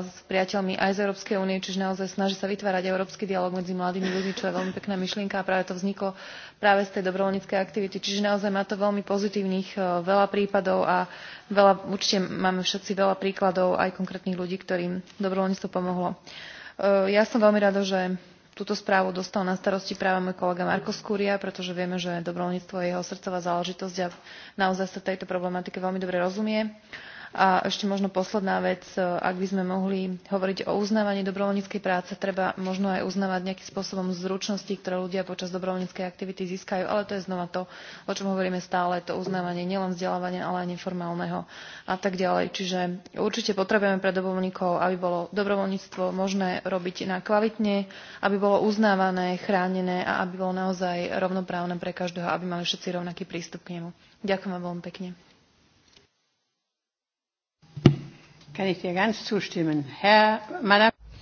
s priateľmi aj z Európskej únie, čiže naozaj snaží sa vytvárať európsky dialog medzi mladými ľuďmi, čo je veľmi pekná myšlienka a práve to vzniklo práve z tej dobrovoľníckej aktivity. Čiže naozaj má to veľmi pozitívnych e, veľa prípadov a veľa, určite máme všetci veľa príkladov aj konkrétnych ľudí, ktorým dobrovoľníctvo pomohlo. E, ja som veľmi rada, že túto správu dostal na starosti práve môj kolega Marko Skúria, pretože vieme, že dobrovoľníctvo je jeho srdcová záležitosť a naozaj sa tejto problematike veľmi dobre rozumie. A ešte možno posledná vec, e, ak by sme mohli hovoriť o uznávaní dobrovoľníckej práce, treba možno aj uznávať nejakým spôsobom zručnosti, ktoré ľudia počas dobrovoľníckej aktivity získajú, ale to je znova to, o čom hovoríme stále, to uznávanie nielen vzdelávania, ale aj neformálneho a tak ďalej. Čiže určite potrebujeme pre dobrovoľníkov, aby bolo dobrovoľníctvo možné robiť na kvalitne, aby bolo uznávané, chránené a aby bolo naozaj rovnoprávne pre každého, aby mali všetci rovnaký prístup k nemu. Ďakujem vám veľmi pekne.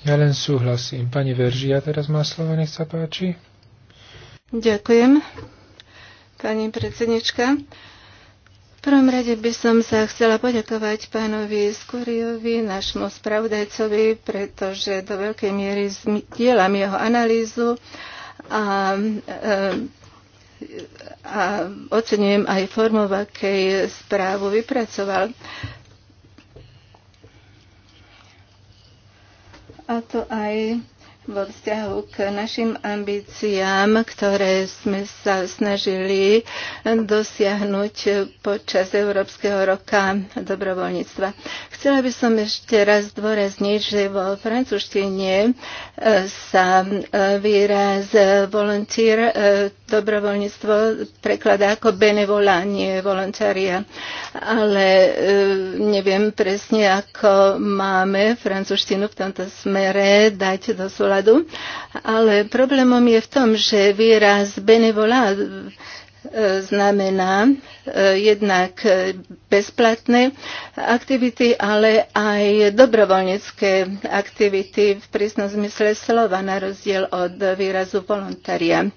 Ja len súhlasím. Pani Veržia teraz má slovo, nech sa páči. Ďakujem, pani predsednička. V prvom rade by som sa chcela poďakovať pánovi Skuriovi, našmu spravodajcovi, pretože do veľkej miery dielam jeho analýzu e, a, a ocenujem aj formu, v akej správu vypracoval. a to aj vo vzťahu k našim ambíciám, ktoré sme sa snažili dosiahnuť počas Európskeho roka dobrovoľníctva. Chcela by som ešte raz dôrazniť, že vo francúzštine e, sa e, výraz e, volunteer dobrovoľníctvo prekladá ako benevolanie volontária, ale neviem presne, ako máme francúzštinu v tomto smere dať do súľadu pohľadu, ale problémom je v tom, že výraz benevolá e, znamená e, jednak bezplatné aktivity, ale aj dobrovoľnícke aktivity v prísnom zmysle slova, na rozdiel od výrazu volontaria. E,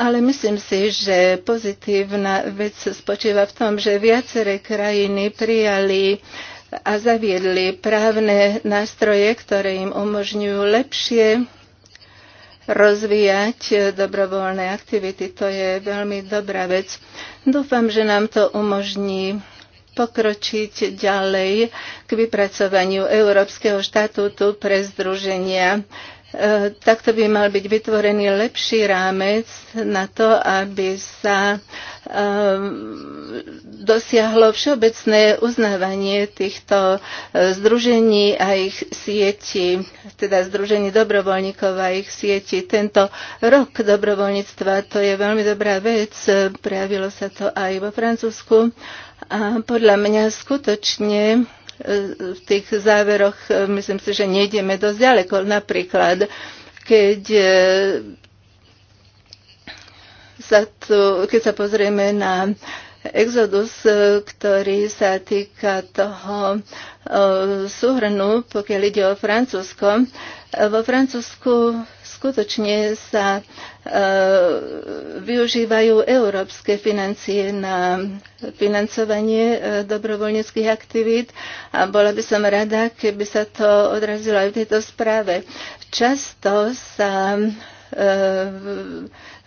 ale myslím si, že pozitívna vec spočíva v tom, že viaceré krajiny prijali uh, a zaviedli právne nástroje, ktoré im umožňujú lepšie rozvíjať dobrovoľné aktivity. To je veľmi dobrá vec. Dúfam, že nám to umožní pokročiť ďalej k vypracovaniu Európskeho štatútu pre združenia. E, takto by mal byť vytvorený lepší rámec na to, aby sa Ehm, dosiahlo všeobecné uznávanie týchto e, združení a ich sieti, teda združení dobrovoľníkov a ich sieti. Tento rok dobrovoľníctva to je veľmi dobrá vec, prejavilo sa to aj vo Francúzsku a podľa mňa skutočne e, v tých záveroch e, myslím si, že nejdeme dosť ďaleko. Napríklad keď sa tu, keď sa pozrieme na exodus, e, ktorý sa týka toho e, súhrnu, pokiaľ ide o Francúzsko. E, vo Francúzsku skutočne sa využívajú európske financie na financovanie dobrovoľníckých aktivít a bola by som rada, keby sa to odrazilo aj v tejto správe. Často sa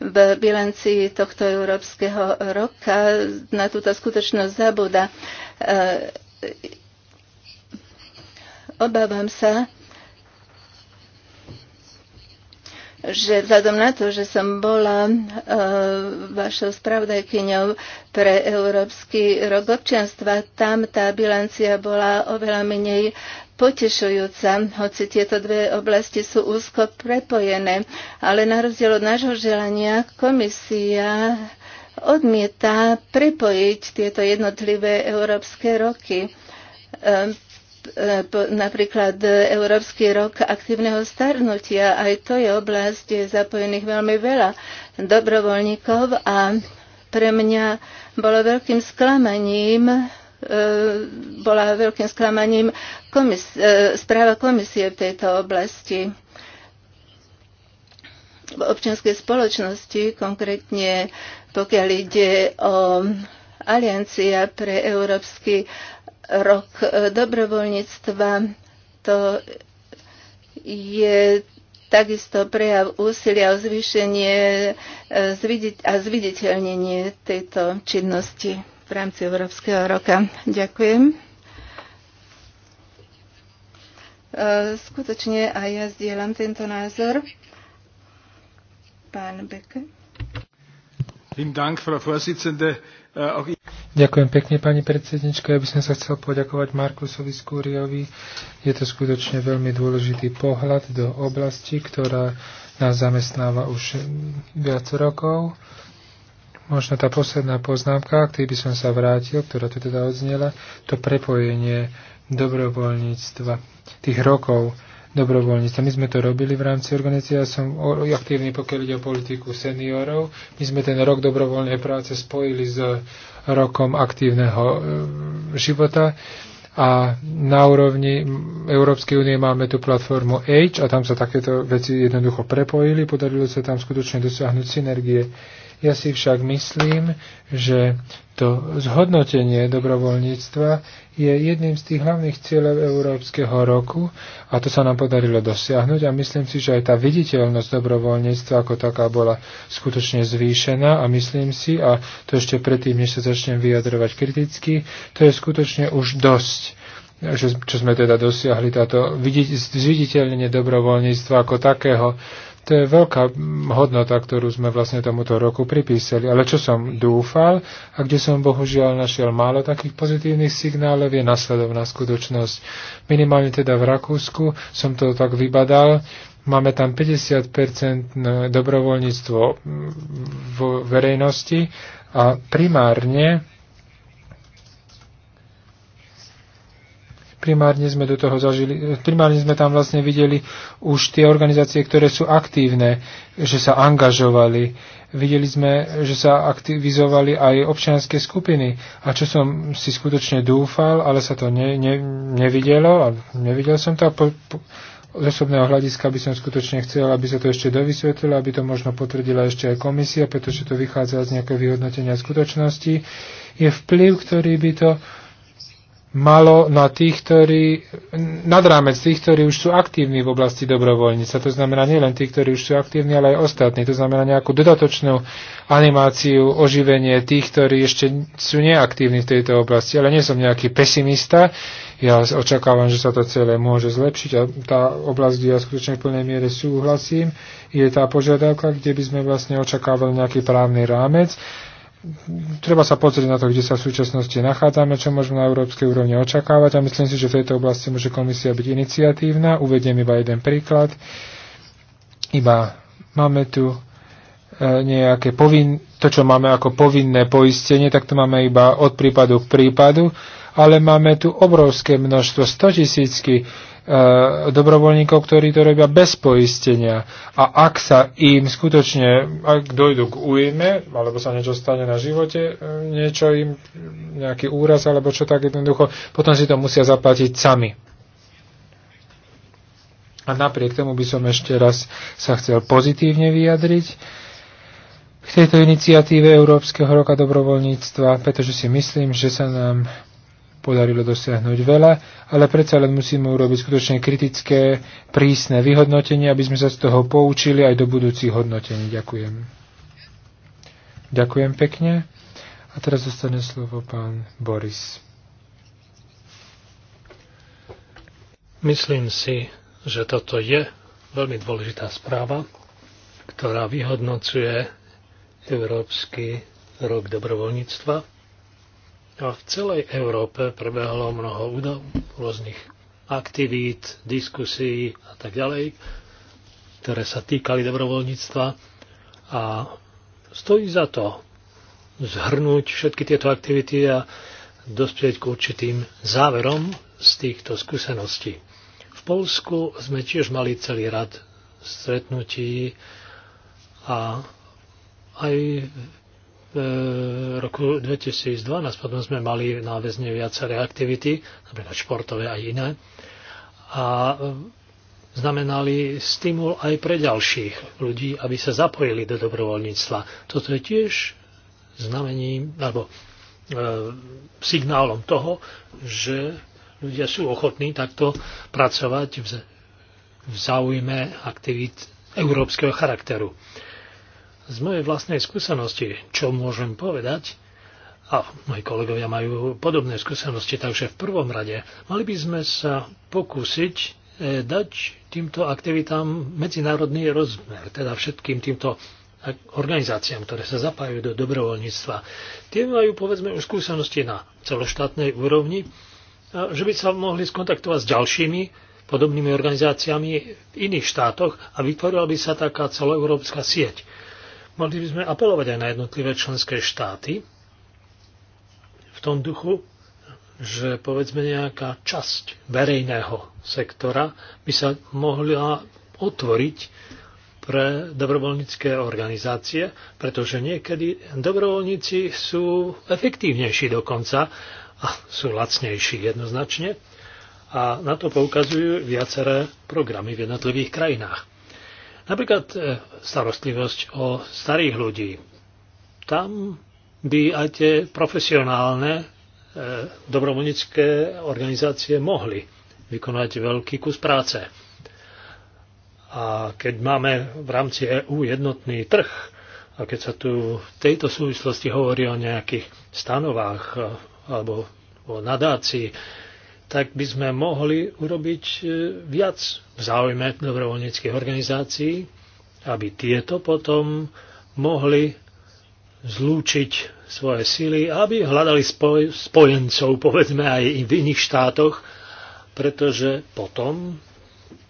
v bilancii tohto európskeho roka na túto skutočnosť zabúda. E, obávam sa, že vzhľadom na to, že som bola uh, vašou spravodajkyňou pre Európsky rok občianstva, tam tá bilancia bola oveľa menej potešujúca, hoci tieto dve oblasti sú úzko prepojené. Ale na rozdiel od nášho želania komisia odmieta prepojiť tieto jednotlivé európske roky ehm, e, napríklad Európsky rok aktívneho starnutia. Aj to je oblasť, kde je zapojených veľmi veľa dobrovoľníkov a pre mňa bolo veľkým sklamaním E, bola veľkým sklamaním komis, e, správa komisie v tejto oblasti v občianskej spoločnosti, konkrétne pokiaľ ide o Aliancia pre Európsky rok e, dobrovoľníctva. To je takisto prejav úsilia o zvýšenie a zviditeľnenie tejto činnosti v rámci Európskeho roka. Ďakujem. E, skutočne aj ja zdieľam tento názor. Pán Beke. Äh, Ďakujem pekne, pani predsednička. Ja by som sa chcel poďakovať Markusovi Skúriovi. Je to skutočne veľmi dôležitý pohľad do oblasti, ktorá nás zamestnáva už viac rokov. Možno tá posledná poznámka, k tej by som sa vrátil, ktorá tu teda odznela, to prepojenie dobrovoľníctva, tých rokov dobrovoľníctva. My sme to robili v rámci organizácie, ja som aktívny, pokiaľ ide o politiku seniorov. My sme ten rok dobrovoľnej práce spojili s rokom aktívneho e, života a na úrovni Európskej únie máme tú platformu Age a tam sa takéto veci jednoducho prepojili, podarilo sa tam skutočne dosiahnuť synergie. Ja si však myslím, že to zhodnotenie dobrovoľníctva je jedným z tých hlavných cieľov Európskeho roku a to sa nám podarilo dosiahnuť a myslím si, že aj tá viditeľnosť dobrovoľníctva ako taká bola skutočne zvýšená a myslím si, a to ešte predtým, než sa začnem vyjadrovať kriticky, to je skutočne už dosť čo sme teda dosiahli, táto zviditeľnenie dobrovoľníctva ako takého, to je veľká hodnota, ktorú sme vlastne tomuto roku pripísali. Ale čo som dúfal a kde som bohužiaľ našiel málo takých pozitívnych signálov, je nasledovná skutočnosť. Minimálne teda v Rakúsku som to tak vybadal. Máme tam 50% dobrovoľníctvo v verejnosti a primárne primárne sme do toho zažili, primárne sme tam vlastne videli už tie organizácie, ktoré sú aktívne, že sa angažovali. Videli sme, že sa aktivizovali aj občianské skupiny. A čo som si skutočne dúfal, ale sa to ne, ne, nevidelo, a nevidel som to. A po, po, z osobného hľadiska by som skutočne chcel, aby sa to ešte dovysvetlilo, aby to možno potvrdila ešte aj komisia, pretože to vychádza z nejakého vyhodnotenia skutočnosti, je vplyv, ktorý by to malo na tých, ktorí, nad rámec tých, ktorí už sú aktívni v oblasti dobrovoľníca. To znamená nielen tých, ktorí už sú aktívni, ale aj ostatní. To znamená nejakú dodatočnú animáciu, oživenie tých, ktorí ešte sú neaktívni v tejto oblasti. Ale nie som nejaký pesimista. Ja očakávam, že sa to celé môže zlepšiť a tá oblasť, kde ja skutočne v plnej miere súhlasím, je tá požiadavka, kde by sme vlastne očakávali nejaký právny rámec treba sa pozrieť na to, kde sa v súčasnosti nachádzame, čo môžeme na európskej úrovni očakávať a myslím si, že v tejto oblasti môže komisia byť iniciatívna. Uvediem iba jeden príklad. Iba máme tu e, nejaké povin, to, čo máme ako povinné poistenie, tak to máme iba od prípadu k prípadu, ale máme tu obrovské množstvo, 100 tisícky E, dobrovoľníkov, ktorí to robia bez poistenia. A ak sa im skutočne, ak dojdu k újme, alebo sa niečo stane na živote, e, niečo im, nejaký úraz, alebo čo tak jednoducho, potom si to musia zaplatiť sami. A napriek tomu by som ešte raz sa chcel pozitívne vyjadriť k tejto iniciatíve Európskeho roka dobrovoľníctva, pretože si myslím, že sa nám podarilo dosiahnuť veľa, ale predsa len musíme urobiť skutočne kritické, prísne vyhodnotenie, aby sme sa z toho poučili aj do budúcich hodnotení. Ďakujem. Ďakujem pekne. A teraz dostane slovo pán Boris. Myslím si, že toto je veľmi dôležitá správa, ktorá vyhodnocuje Európsky rok dobrovoľníctva a v celej Európe prebehlo mnoho údov, rôznych aktivít, diskusí a tak ďalej, ktoré sa týkali dobrovoľníctva a stojí za to zhrnúť všetky tieto aktivity a dospieť k určitým záverom z týchto skúseností. V Polsku sme tiež mali celý rad stretnutí a aj E, roku 2012 potom sme mali náväzne viaceré aktivity, napríklad športové a iné. A e, znamenali stimul aj pre ďalších ľudí, aby sa zapojili do dobrovoľníctva. Toto je tiež znamením, alebo e, signálom toho, že ľudia sú ochotní takto pracovať v, v záujme aktivít európskeho charakteru z mojej vlastnej skúsenosti, čo môžem povedať, a moji kolegovia majú podobné skúsenosti, takže v prvom rade mali by sme sa pokúsiť eh, dať týmto aktivitám medzinárodný rozmer, teda všetkým týmto organizáciám, ktoré sa zapájajú do dobrovoľníctva. Tie majú, povedzme, už skúsenosti na celoštátnej úrovni, že by sa mohli skontaktovať s ďalšími podobnými organizáciami v iných štátoch a vytvorila by sa taká celoeurópska sieť. Mali by sme apelovať aj na jednotlivé členské štáty v tom duchu, že povedzme nejaká časť verejného sektora by sa mohla otvoriť pre dobrovoľnícke organizácie, pretože niekedy dobrovoľníci sú efektívnejší dokonca a sú lacnejší jednoznačne a na to poukazujú viaceré programy v jednotlivých krajinách. Napríklad e, starostlivosť o starých ľudí. Tam by aj tie profesionálne e, dobrovoľnícke organizácie mohli vykonať veľký kus práce. A keď máme v rámci EÚ jednotný trh, a keď sa tu v tejto súvislosti hovorí o nejakých stanovách e, alebo o nadácii, tak by sme mohli urobiť e, viac v záujme dobrovoľníckých organizácií, aby tieto potom mohli zlúčiť svoje sily, aby hľadali spoj, spojencov, povedzme, aj v iných štátoch, pretože potom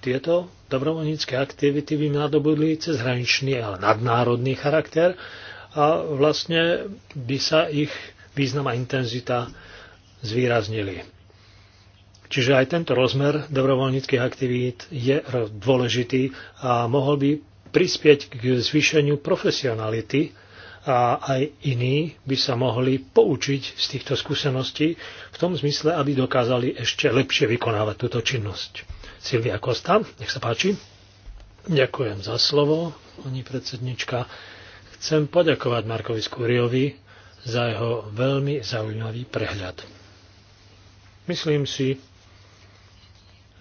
tieto dobrovoľnícke aktivity by nadobudli cezhraničný, a nadnárodný charakter a vlastne by sa ich význam a intenzita zvýraznili. Čiže aj tento rozmer dobrovoľníckých aktivít je dôležitý a mohol by prispieť k zvýšeniu profesionality a aj iní by sa mohli poučiť z týchto skúseností v tom zmysle, aby dokázali ešte lepšie vykonávať túto činnosť. Silvia Kosta, nech sa páči. Ďakujem za slovo, pani predsednička. Chcem poďakovať Markovi Skúriovi za jeho veľmi zaujímavý prehľad. Myslím si,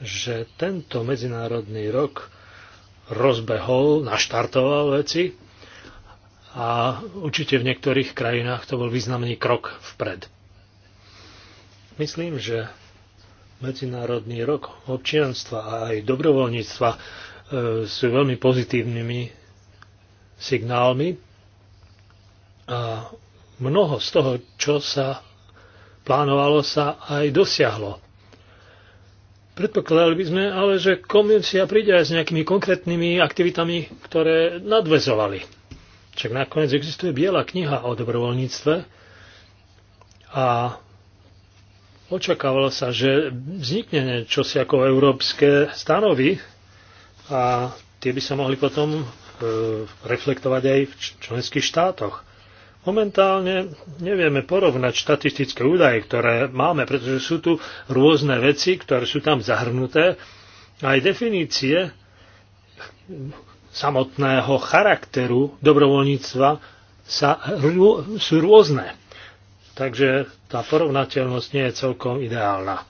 že tento medzinárodný rok rozbehol, naštartoval veci a určite v niektorých krajinách to bol významný krok vpred. Myslím, že Medzinárodný rok občianstva a aj dobrovoľníctva e, sú veľmi pozitívnymi signálmi a mnoho z toho, čo sa plánovalo, sa aj dosiahlo Predpokladali by sme ale, že komisia príde aj s nejakými konkrétnymi aktivitami, ktoré nadvezovali. Čak nakoniec existuje biela kniha o dobrovoľníctve a očakávalo sa, že vznikne niečo si ako európske stanovy a tie by sa mohli potom e, reflektovať aj v členských štátoch. Momentálne nevieme porovnať štatistické údaje, ktoré máme, pretože sú tu rôzne veci, ktoré sú tam zahrnuté. Aj definície samotného charakteru dobrovoľníctva sa, sú rôzne. Takže tá porovnateľnosť nie je celkom ideálna.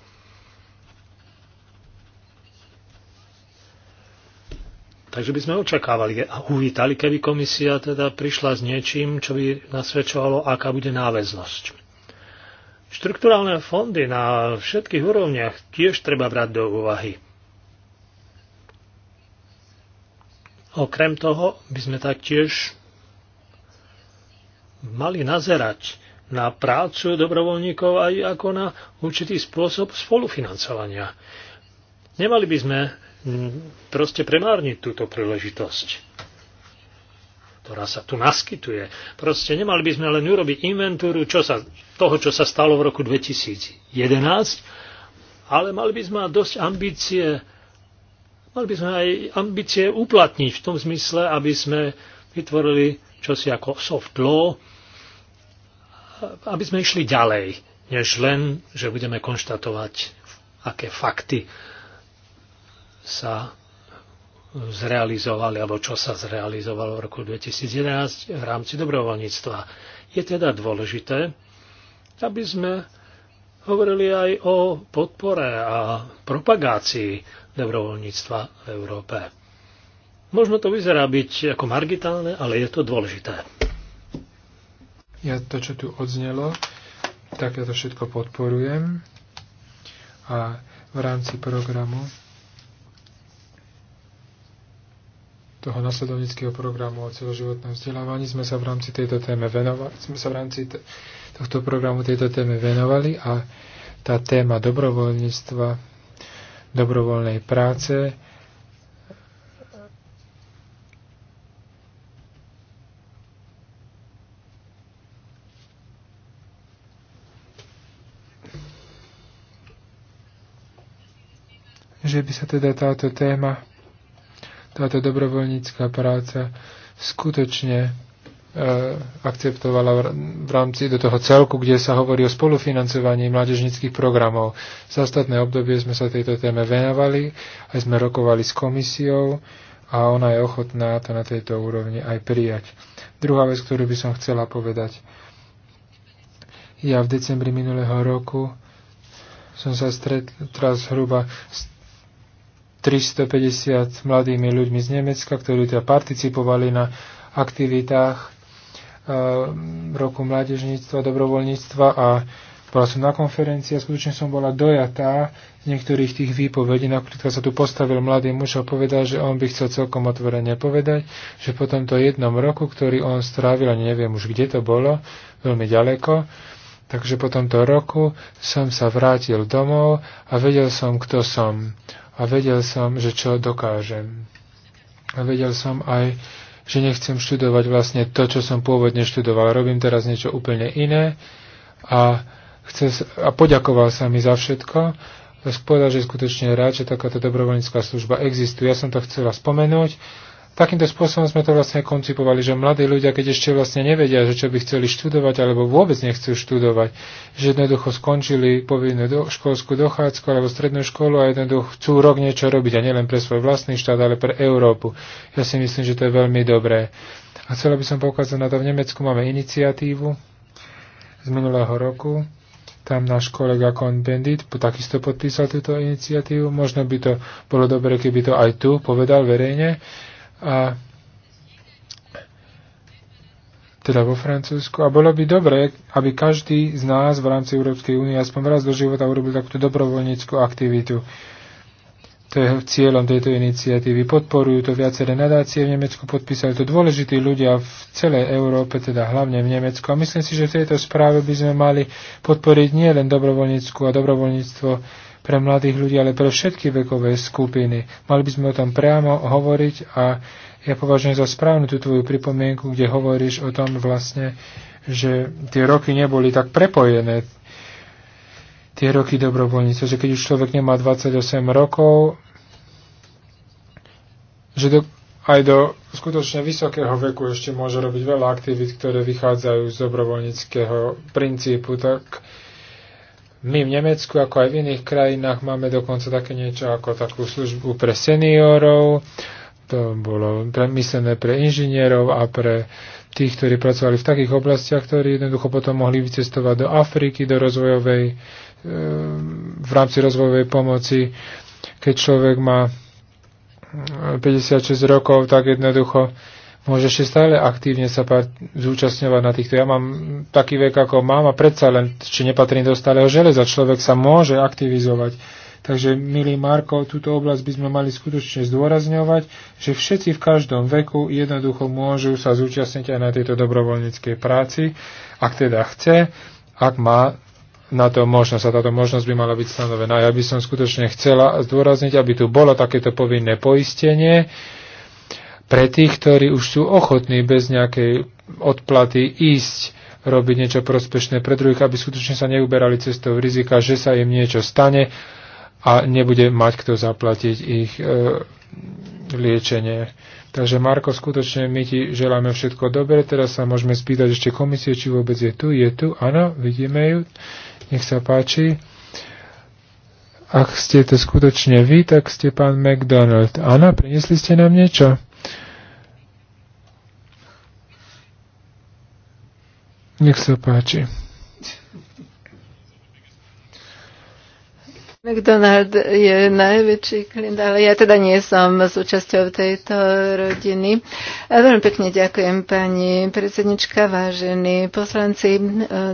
Takže by sme očakávali a uvítali, keby komisia teda prišla s niečím, čo by nasvedčovalo, aká bude náväznosť. Štrukturálne fondy na všetkých úrovniach tiež treba brať do úvahy. Okrem toho by sme taktiež mali nazerať na prácu dobrovoľníkov aj ako na určitý spôsob spolufinancovania. Nemali by sme Mm, proste premárniť túto príležitosť ktorá sa tu naskytuje. Proste nemali by sme len urobiť inventúru čo sa, toho, čo sa stalo v roku 2011, ale mali by sme mať dosť ambície, mali by sme aj ambície uplatniť v tom zmysle, aby sme vytvorili čosi ako soft law, aby sme išli ďalej, než len, že budeme konštatovať, aké fakty sa zrealizovali, alebo čo sa zrealizovalo v roku 2011 v rámci dobrovoľníctva. Je teda dôležité, aby sme hovorili aj o podpore a propagácii dobrovoľníctva v Európe. Možno to vyzerá byť ako margitálne, ale je to dôležité. Ja to, čo tu odznelo, tak ja to všetko podporujem. A v rámci programu toho nasledovnického programu o celoživotnom vzdelávaní sme sa v rámci tejto téme venovali, sme sa v rámci tohto programu tejto téme venovali a tá téma dobrovoľníctva, dobrovoľnej práce že by sa teda táto téma táto dobrovoľnícká práca skutočne e, akceptovala v rámci do toho celku, kde sa hovorí o spolufinancovaní mládežnických programov. Za ostatné obdobie sme sa tejto téme venovali, aj sme rokovali s komisiou a ona je ochotná to na tejto úrovni aj prijať. Druhá vec, ktorú by som chcela povedať. Ja v decembri minulého roku som sa stretla zhruba s 350 mladými ľuďmi z Nemecka, ktorí teda participovali na aktivitách eh, roku mládežníctva, dobrovoľníctva a bola som na konferencii a skutočne som bola dojatá z niektorých tých výpovedí. Napríklad sa tu postavil mladý muž a povedal, že on by chcel celkom otvorene povedať, že po tomto jednom roku, ktorý on strávil, a neviem už kde to bolo, veľmi ďaleko, takže po tomto roku som sa vrátil domov a vedel som, kto som a vedel som, že čo dokážem. A vedel som aj, že nechcem študovať vlastne to, čo som pôvodne študoval. Robím teraz niečo úplne iné a, chce, a poďakoval sa mi za všetko. Povedal, že je skutočne rád, že takáto dobrovoľnícká služba existuje. Ja som to chcela spomenúť Takýmto spôsobom sme to vlastne koncipovali, že mladí ľudia, keď ešte vlastne nevedia, že čo by chceli študovať, alebo vôbec nechcú študovať, že jednoducho skončili povinnú do, školskú dochádzku alebo strednú školu a jednoducho chcú rok niečo robiť a nielen pre svoj vlastný štát, ale pre Európu. Ja si myslím, že to je veľmi dobré. A chcela by som poukázať na to, v Nemecku máme iniciatívu z minulého roku, tam náš kolega Kon. bendit takisto podpísal túto iniciatívu. Možno by to bolo dobre, keby to aj tu povedal verejne, a teda vo Francúzsku. A bolo by dobre, aby každý z nás v rámci Európskej únie aspoň raz do života urobil takúto dobrovoľníckú aktivitu. To je cieľom tejto iniciatívy. Podporujú to viaceré nadácie v Nemecku, podpísali to dôležití ľudia v celej Európe, teda hlavne v Nemecku. A myslím si, že v tejto správe by sme mali podporiť nielen dobrovoľníckú dobrovoľnícku a dobrovoľníctvo pre mladých ľudí, ale pre všetky vekové skupiny. Mali by sme o tom priamo hovoriť a ja považujem za správnu tú tvoju pripomienku, kde hovoríš o tom vlastne, že tie roky neboli tak prepojené, tie roky dobrovoľníctva, že keď už človek nemá 28 rokov, že do, aj do skutočne vysokého veku ešte môže robiť veľa aktivít, ktoré vychádzajú z dobrovoľníckého princípu, tak my v Nemecku, ako aj v iných krajinách, máme dokonca také niečo ako takú službu pre seniorov. To bolo myslené pre inžinierov a pre tých, ktorí pracovali v takých oblastiach, ktorí jednoducho potom mohli vycestovať do Afriky, do rozvojovej, e, v rámci rozvojovej pomoci. Keď človek má 56 e, rokov, tak jednoducho Môže ešte stále aktívne sa pár, zúčastňovať na týchto. Ja mám taký vek, ako mám a predsa len, či nepatrím do stáleho železa, človek sa môže aktivizovať. Takže, milý Marko, túto oblasť by sme mali skutočne zdôrazňovať, že všetci v každom veku jednoducho môžu sa zúčastniť aj na tejto dobrovoľníckej práci, ak teda chce, ak má na to možnosť a táto možnosť by mala byť stanovená. Ja by som skutočne chcela zdôrazniť, aby tu bolo takéto povinné poistenie, pre tých, ktorí už sú ochotní bez nejakej odplaty ísť robiť niečo prospešné pre druhých, aby skutočne sa neuberali cestou rizika, že sa im niečo stane a nebude mať kto zaplatiť ich e, liečenie. Takže Marko, skutočne my ti želáme všetko dobre. Teraz sa môžeme spýtať ešte komisie, či vôbec je tu. Je tu, áno, vidíme ju. Nech sa páči. Ak ste to skutočne vy, tak ste pán McDonald. Áno, priniesli ste nám niečo? Nech sa páči. McDonald je najväčší klient, ale ja teda nie som súčasťou tejto rodiny. A veľmi pekne ďakujem pani predsednička, vážení poslanci, e,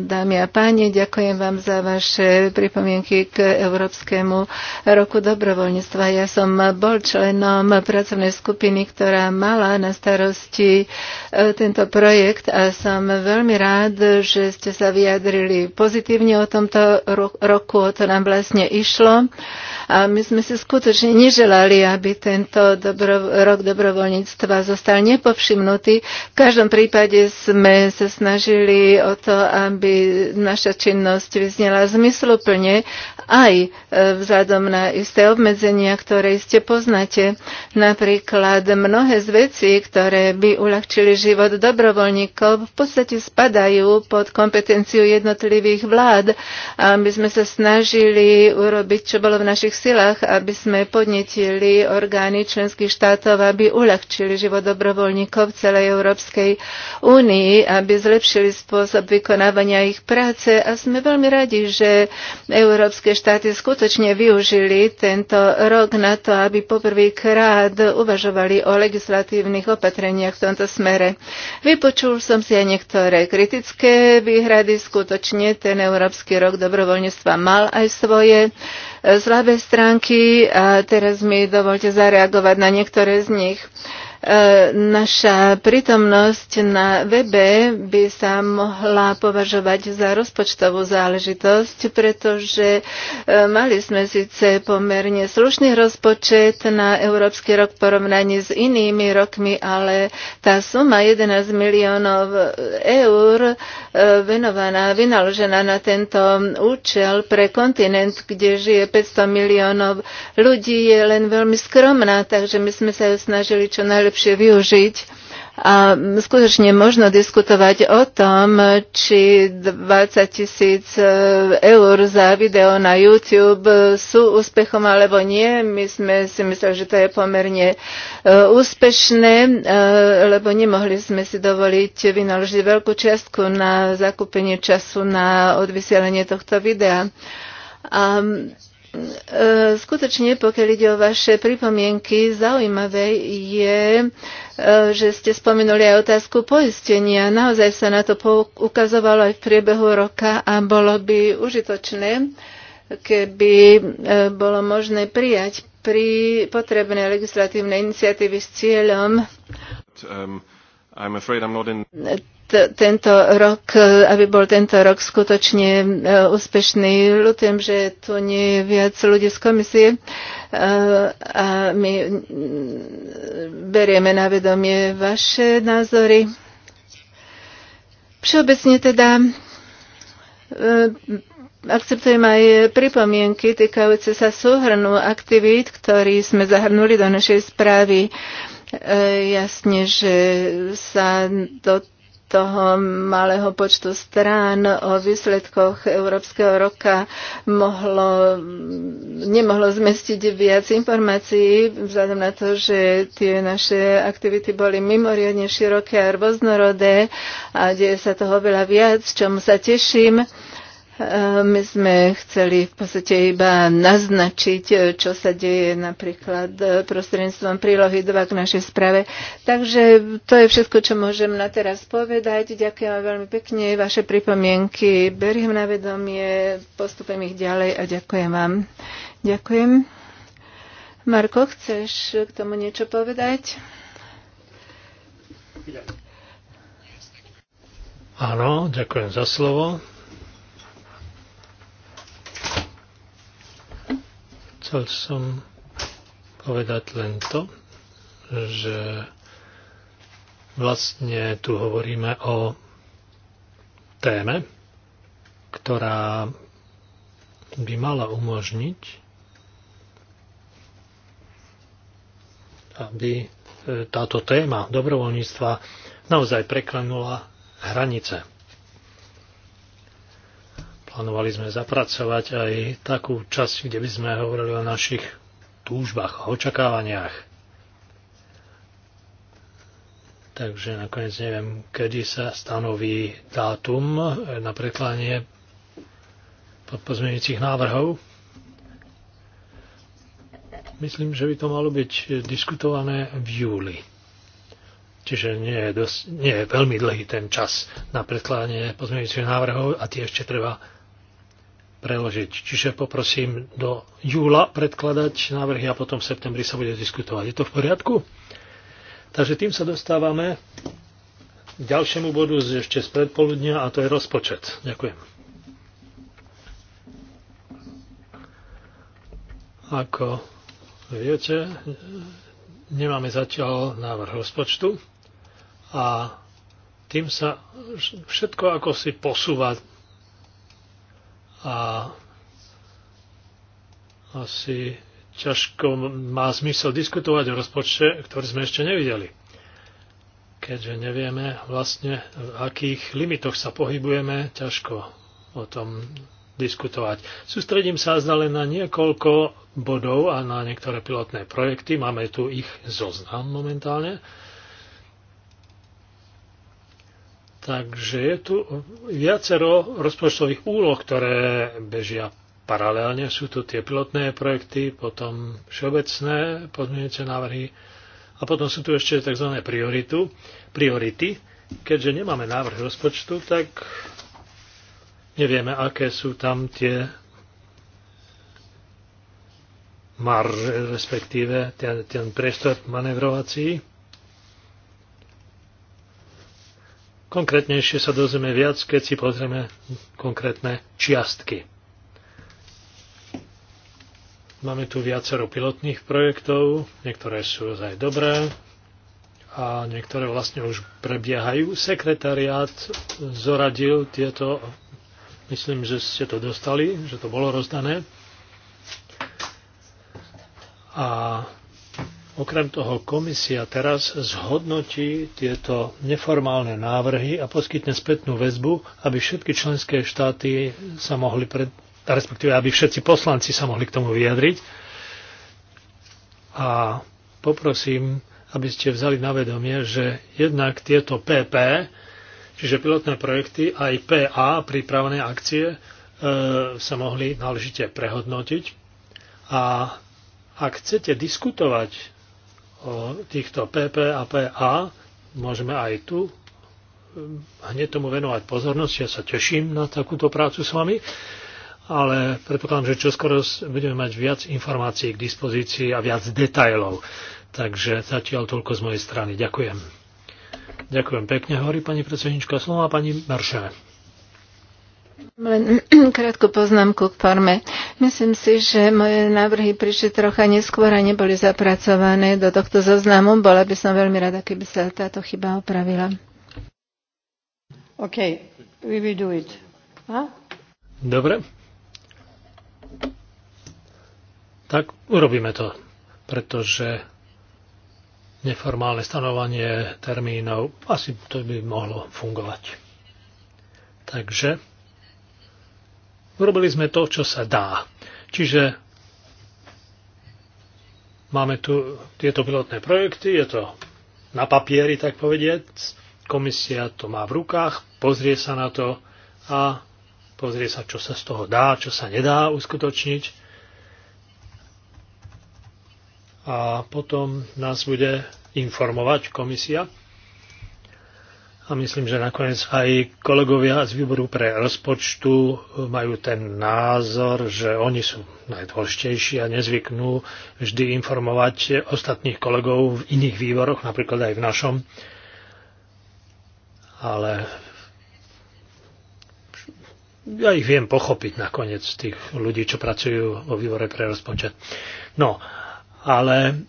dámy a páni. Ďakujem vám za vaše pripomienky k Európskemu roku dobrovoľníctva. Ja som bol členom pracovnej skupiny, ktorá mala na starosti e, tento projekt a som veľmi rád, že ste sa vyjadrili pozitívne o tomto roku, o to nám vlastne išlo prišlo A my sme si skutočne neželali, aby tento dobro, rok dobrovoľníctva zostal nepovšimnutý. V každom prípade sme sa snažili o to, aby naša činnosť vyznela zmysluplne aj e, vzhľadom na isté obmedzenia, ktoré ste poznáte. Napríklad mnohé z vecí, ktoré by uľahčili život dobrovoľníkov, v podstate spadajú pod kompetenciu jednotlivých vlád. A my sme sa snažili urobiť, čo bolo v našich silách, aby sme podnetili orgány členských štátov, aby uľahčili život dobrovoľníkov v celej Európskej únii, aby zlepšili spôsob vykonávania ich práce a sme veľmi radi, že európske štáty skutočne využili tento rok na to, aby poprvýkrát uvažovali o legislatívnych opatreniach v tomto smere. Vypočul som si aj niektoré kritické výhrady. Skutočne ten Európsky rok dobrovoľníctva mal aj svoje e, slabé stránky a teraz mi dovolte zareagovať na niektoré z nich. Uh, Naša prítomnosť na webe by sa mohla považovať za rozpočtovú záležitosť, pretože e, mali sme síce pomerne slušný rozpočet na Európsky rok v porovnaní s inými rokmi, ale tá suma 11 miliónov eur e, venovaná, vynaložená na tento účel pre kontinent, kde žije 500 miliónov ľudí, je len veľmi skromná, takže my sme sa ju snažili čo najlepšie najlepšie využiť. A skutočne možno diskutovať o tom, či 20 tisíc e, eur za video na YouTube sú úspechom alebo nie. My sme si mysleli, že to je pomerne e, úspešné, e, lebo nemohli sme si dovoliť vynaložiť veľkú čiastku na zakúpenie času na odvysielanie tohto videa. A E, skutočne, pokiaľ ide o vaše pripomienky, zaujímavé je, e, že ste spomenuli aj otázku poistenia. Naozaj sa na to ukazovalo aj v priebehu roka a bolo by užitočné, keby e, bolo možné prijať pri potrebné legislatívne iniciatívy s cieľom um I'm afraid I'm not in... Tento rok, aby bol tento rok skutočne e, úspešný, ľutujem, že tu nie je viac ľudí z komisie e, a my berieme na vedomie vaše názory. Všeobecne teda e, akceptujem aj pripomienky týkajúce sa súhrnu aktivít, ktorý sme zahrnuli do našej správy. E, jasne, že sa do toho malého počtu strán o výsledkoch Európskeho roka mohlo, nemohlo zmestiť viac informácií, vzhľadom na to, že tie naše aktivity boli mimoriadne široké a rôznorodé a deje sa toho veľa viac, čomu sa teším. My sme chceli v podstate iba naznačiť, čo sa deje napríklad prostredníctvom prílohy 2 k našej správe. Takže to je všetko, čo môžem na teraz povedať. Ďakujem veľmi pekne. Vaše pripomienky beriem na vedomie, postupujem ich ďalej a ďakujem vám. Ďakujem. Marko, chceš k tomu niečo povedať? Áno, ďakujem za slovo. Chcel som povedať len to, že vlastne tu hovoríme o téme, ktorá by mala umožniť, aby e, táto téma dobrovoľníctva naozaj preklenula hranice plánovali sme zapracovať aj takú časť, kde by sme hovorili o našich túžbách, o očakávaniach. Takže nakoniec neviem, kedy sa stanoví dátum na preklanie podpozmeňujúcich návrhov. Myslím, že by to malo byť diskutované v júli. Čiže nie je, dosť, nie je veľmi dlhý ten čas na predkladanie pozmeňujúcich návrhov a tie ešte treba preložiť. Čiže poprosím do júla predkladať návrhy a potom v septembri sa bude diskutovať. Je to v poriadku? Takže tým sa dostávame k ďalšiemu bodu z ešte z predpoludnia a to je rozpočet. Ďakujem. Ako viete, nemáme zatiaľ návrh rozpočtu a tým sa všetko ako si posúva a asi ťažko má zmysel diskutovať o rozpočte, ktorý sme ešte nevideli. Keďže nevieme vlastne, v akých limitoch sa pohybujeme, ťažko o tom diskutovať. Sústredím sa len na niekoľko bodov a na niektoré pilotné projekty. Máme tu ich zoznam momentálne. Takže je tu viacero rozpočtových úloh, ktoré bežia paralelne. Sú tu tie pilotné projekty, potom všeobecné pozmeňujúce návrhy a potom sú tu ešte tzv. prioritu, priority. Keďže nemáme návrh rozpočtu, tak nevieme, aké sú tam tie marže, respektíve ten, ten priestor manevrovací. Konkrétnejšie sa dozvieme viac, keď si pozrieme konkrétne čiastky. Máme tu viacero pilotných projektov, niektoré sú aj dobré a niektoré vlastne už prebiehajú. Sekretariát zoradil tieto, myslím, že ste to dostali, že to bolo rozdané. A Okrem toho komisia teraz zhodnotí tieto neformálne návrhy a poskytne spätnú väzbu, aby všetky členské štáty sa mohli, pred, respektíve aby všetci poslanci sa mohli k tomu vyjadriť. A poprosím, aby ste vzali na vedomie, že jednak tieto PP, čiže pilotné projekty, aj PA, prípravné akcie, e, sa mohli náležite prehodnotiť. A ak chcete diskutovať o týchto PP a PA môžeme aj tu um, hneď tomu venovať pozornosť. Ja sa teším na takúto prácu s vami, ale predpokladám, že čoskoro budeme mať viac informácií k dispozícii a viac detajlov. Takže zatiaľ toľko z mojej strany. Ďakujem. Ďakujem pekne, hovorí pani predsednička. Slova pani Maršové. Len krátku poznámku k forme. Myslím si, že moje návrhy prišli trocha neskôr a neboli zapracované do tohto zoznamu. Bola by som veľmi rada, keby sa táto chyba opravila. OK, we will do it. Huh? Dobre. Tak urobíme to, pretože neformálne stanovanie termínov asi to by mohlo fungovať. Takže Urobili sme to, čo sa dá. Čiže máme tu tieto pilotné projekty, je to na papieri, tak povediať. Komisia to má v rukách, pozrie sa na to a pozrie sa, čo sa z toho dá, čo sa nedá uskutočniť. A potom nás bude informovať komisia a myslím, že nakoniec aj kolegovia z výboru pre rozpočtu e, majú ten názor, že oni sú najdôležitejší a nezvyknú vždy informovať ostatných kolegov v iných výboroch, napríklad aj v našom. Ale ja ich viem pochopiť nakoniec, tých ľudí, čo pracujú vo výbore pre rozpočet. No, ale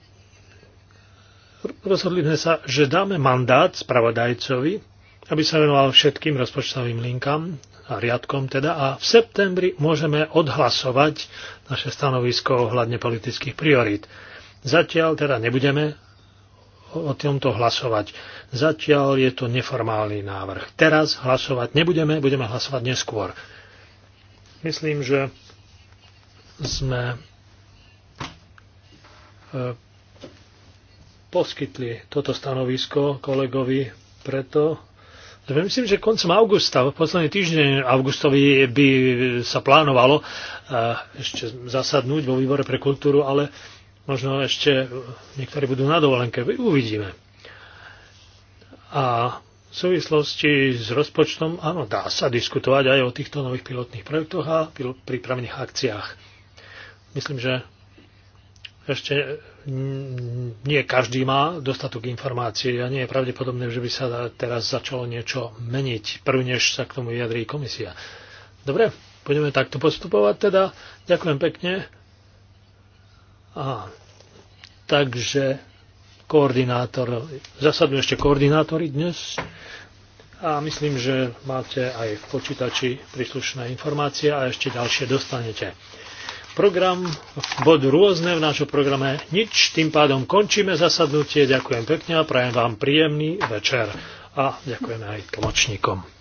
rozhodli sme sa, že dáme mandát spravodajcovi aby sa venoval všetkým rozpočtovým linkám a riadkom teda a v septembri môžeme odhlasovať naše stanovisko ohľadne politických priorít. Zatiaľ teda nebudeme o tomto hlasovať. Zatiaľ je to neformálny návrh. Teraz hlasovať nebudeme, budeme hlasovať neskôr. Myslím, že sme e, poskytli toto stanovisko kolegovi preto, No, myslím, že koncom augusta, v posledný týždeň augustovi by sa plánovalo eh, ešte zasadnúť vo výbore pre kultúru, ale možno ešte niektorí budú na dovolenke. Uvidíme. A v súvislosti s rozpočtom, áno, dá sa diskutovať aj o týchto nových pilotných projektoch a prípravných akciách. Myslím, že ešte nie každý má dostatok informácií a nie je pravdepodobné, že by sa teraz začalo niečo meniť, prv než sa k tomu vyjadrí komisia. Dobre, budeme takto postupovať teda. Ďakujem pekne. A, takže koordinátor, zasadnú ešte koordinátory dnes a myslím, že máte aj v počítači príslušné informácie a ešte ďalšie dostanete program, bod rôzne v našom programe nič. Tým pádom končíme zasadnutie. Ďakujem pekne a prajem vám príjemný večer. A ďakujeme aj tlmočníkom.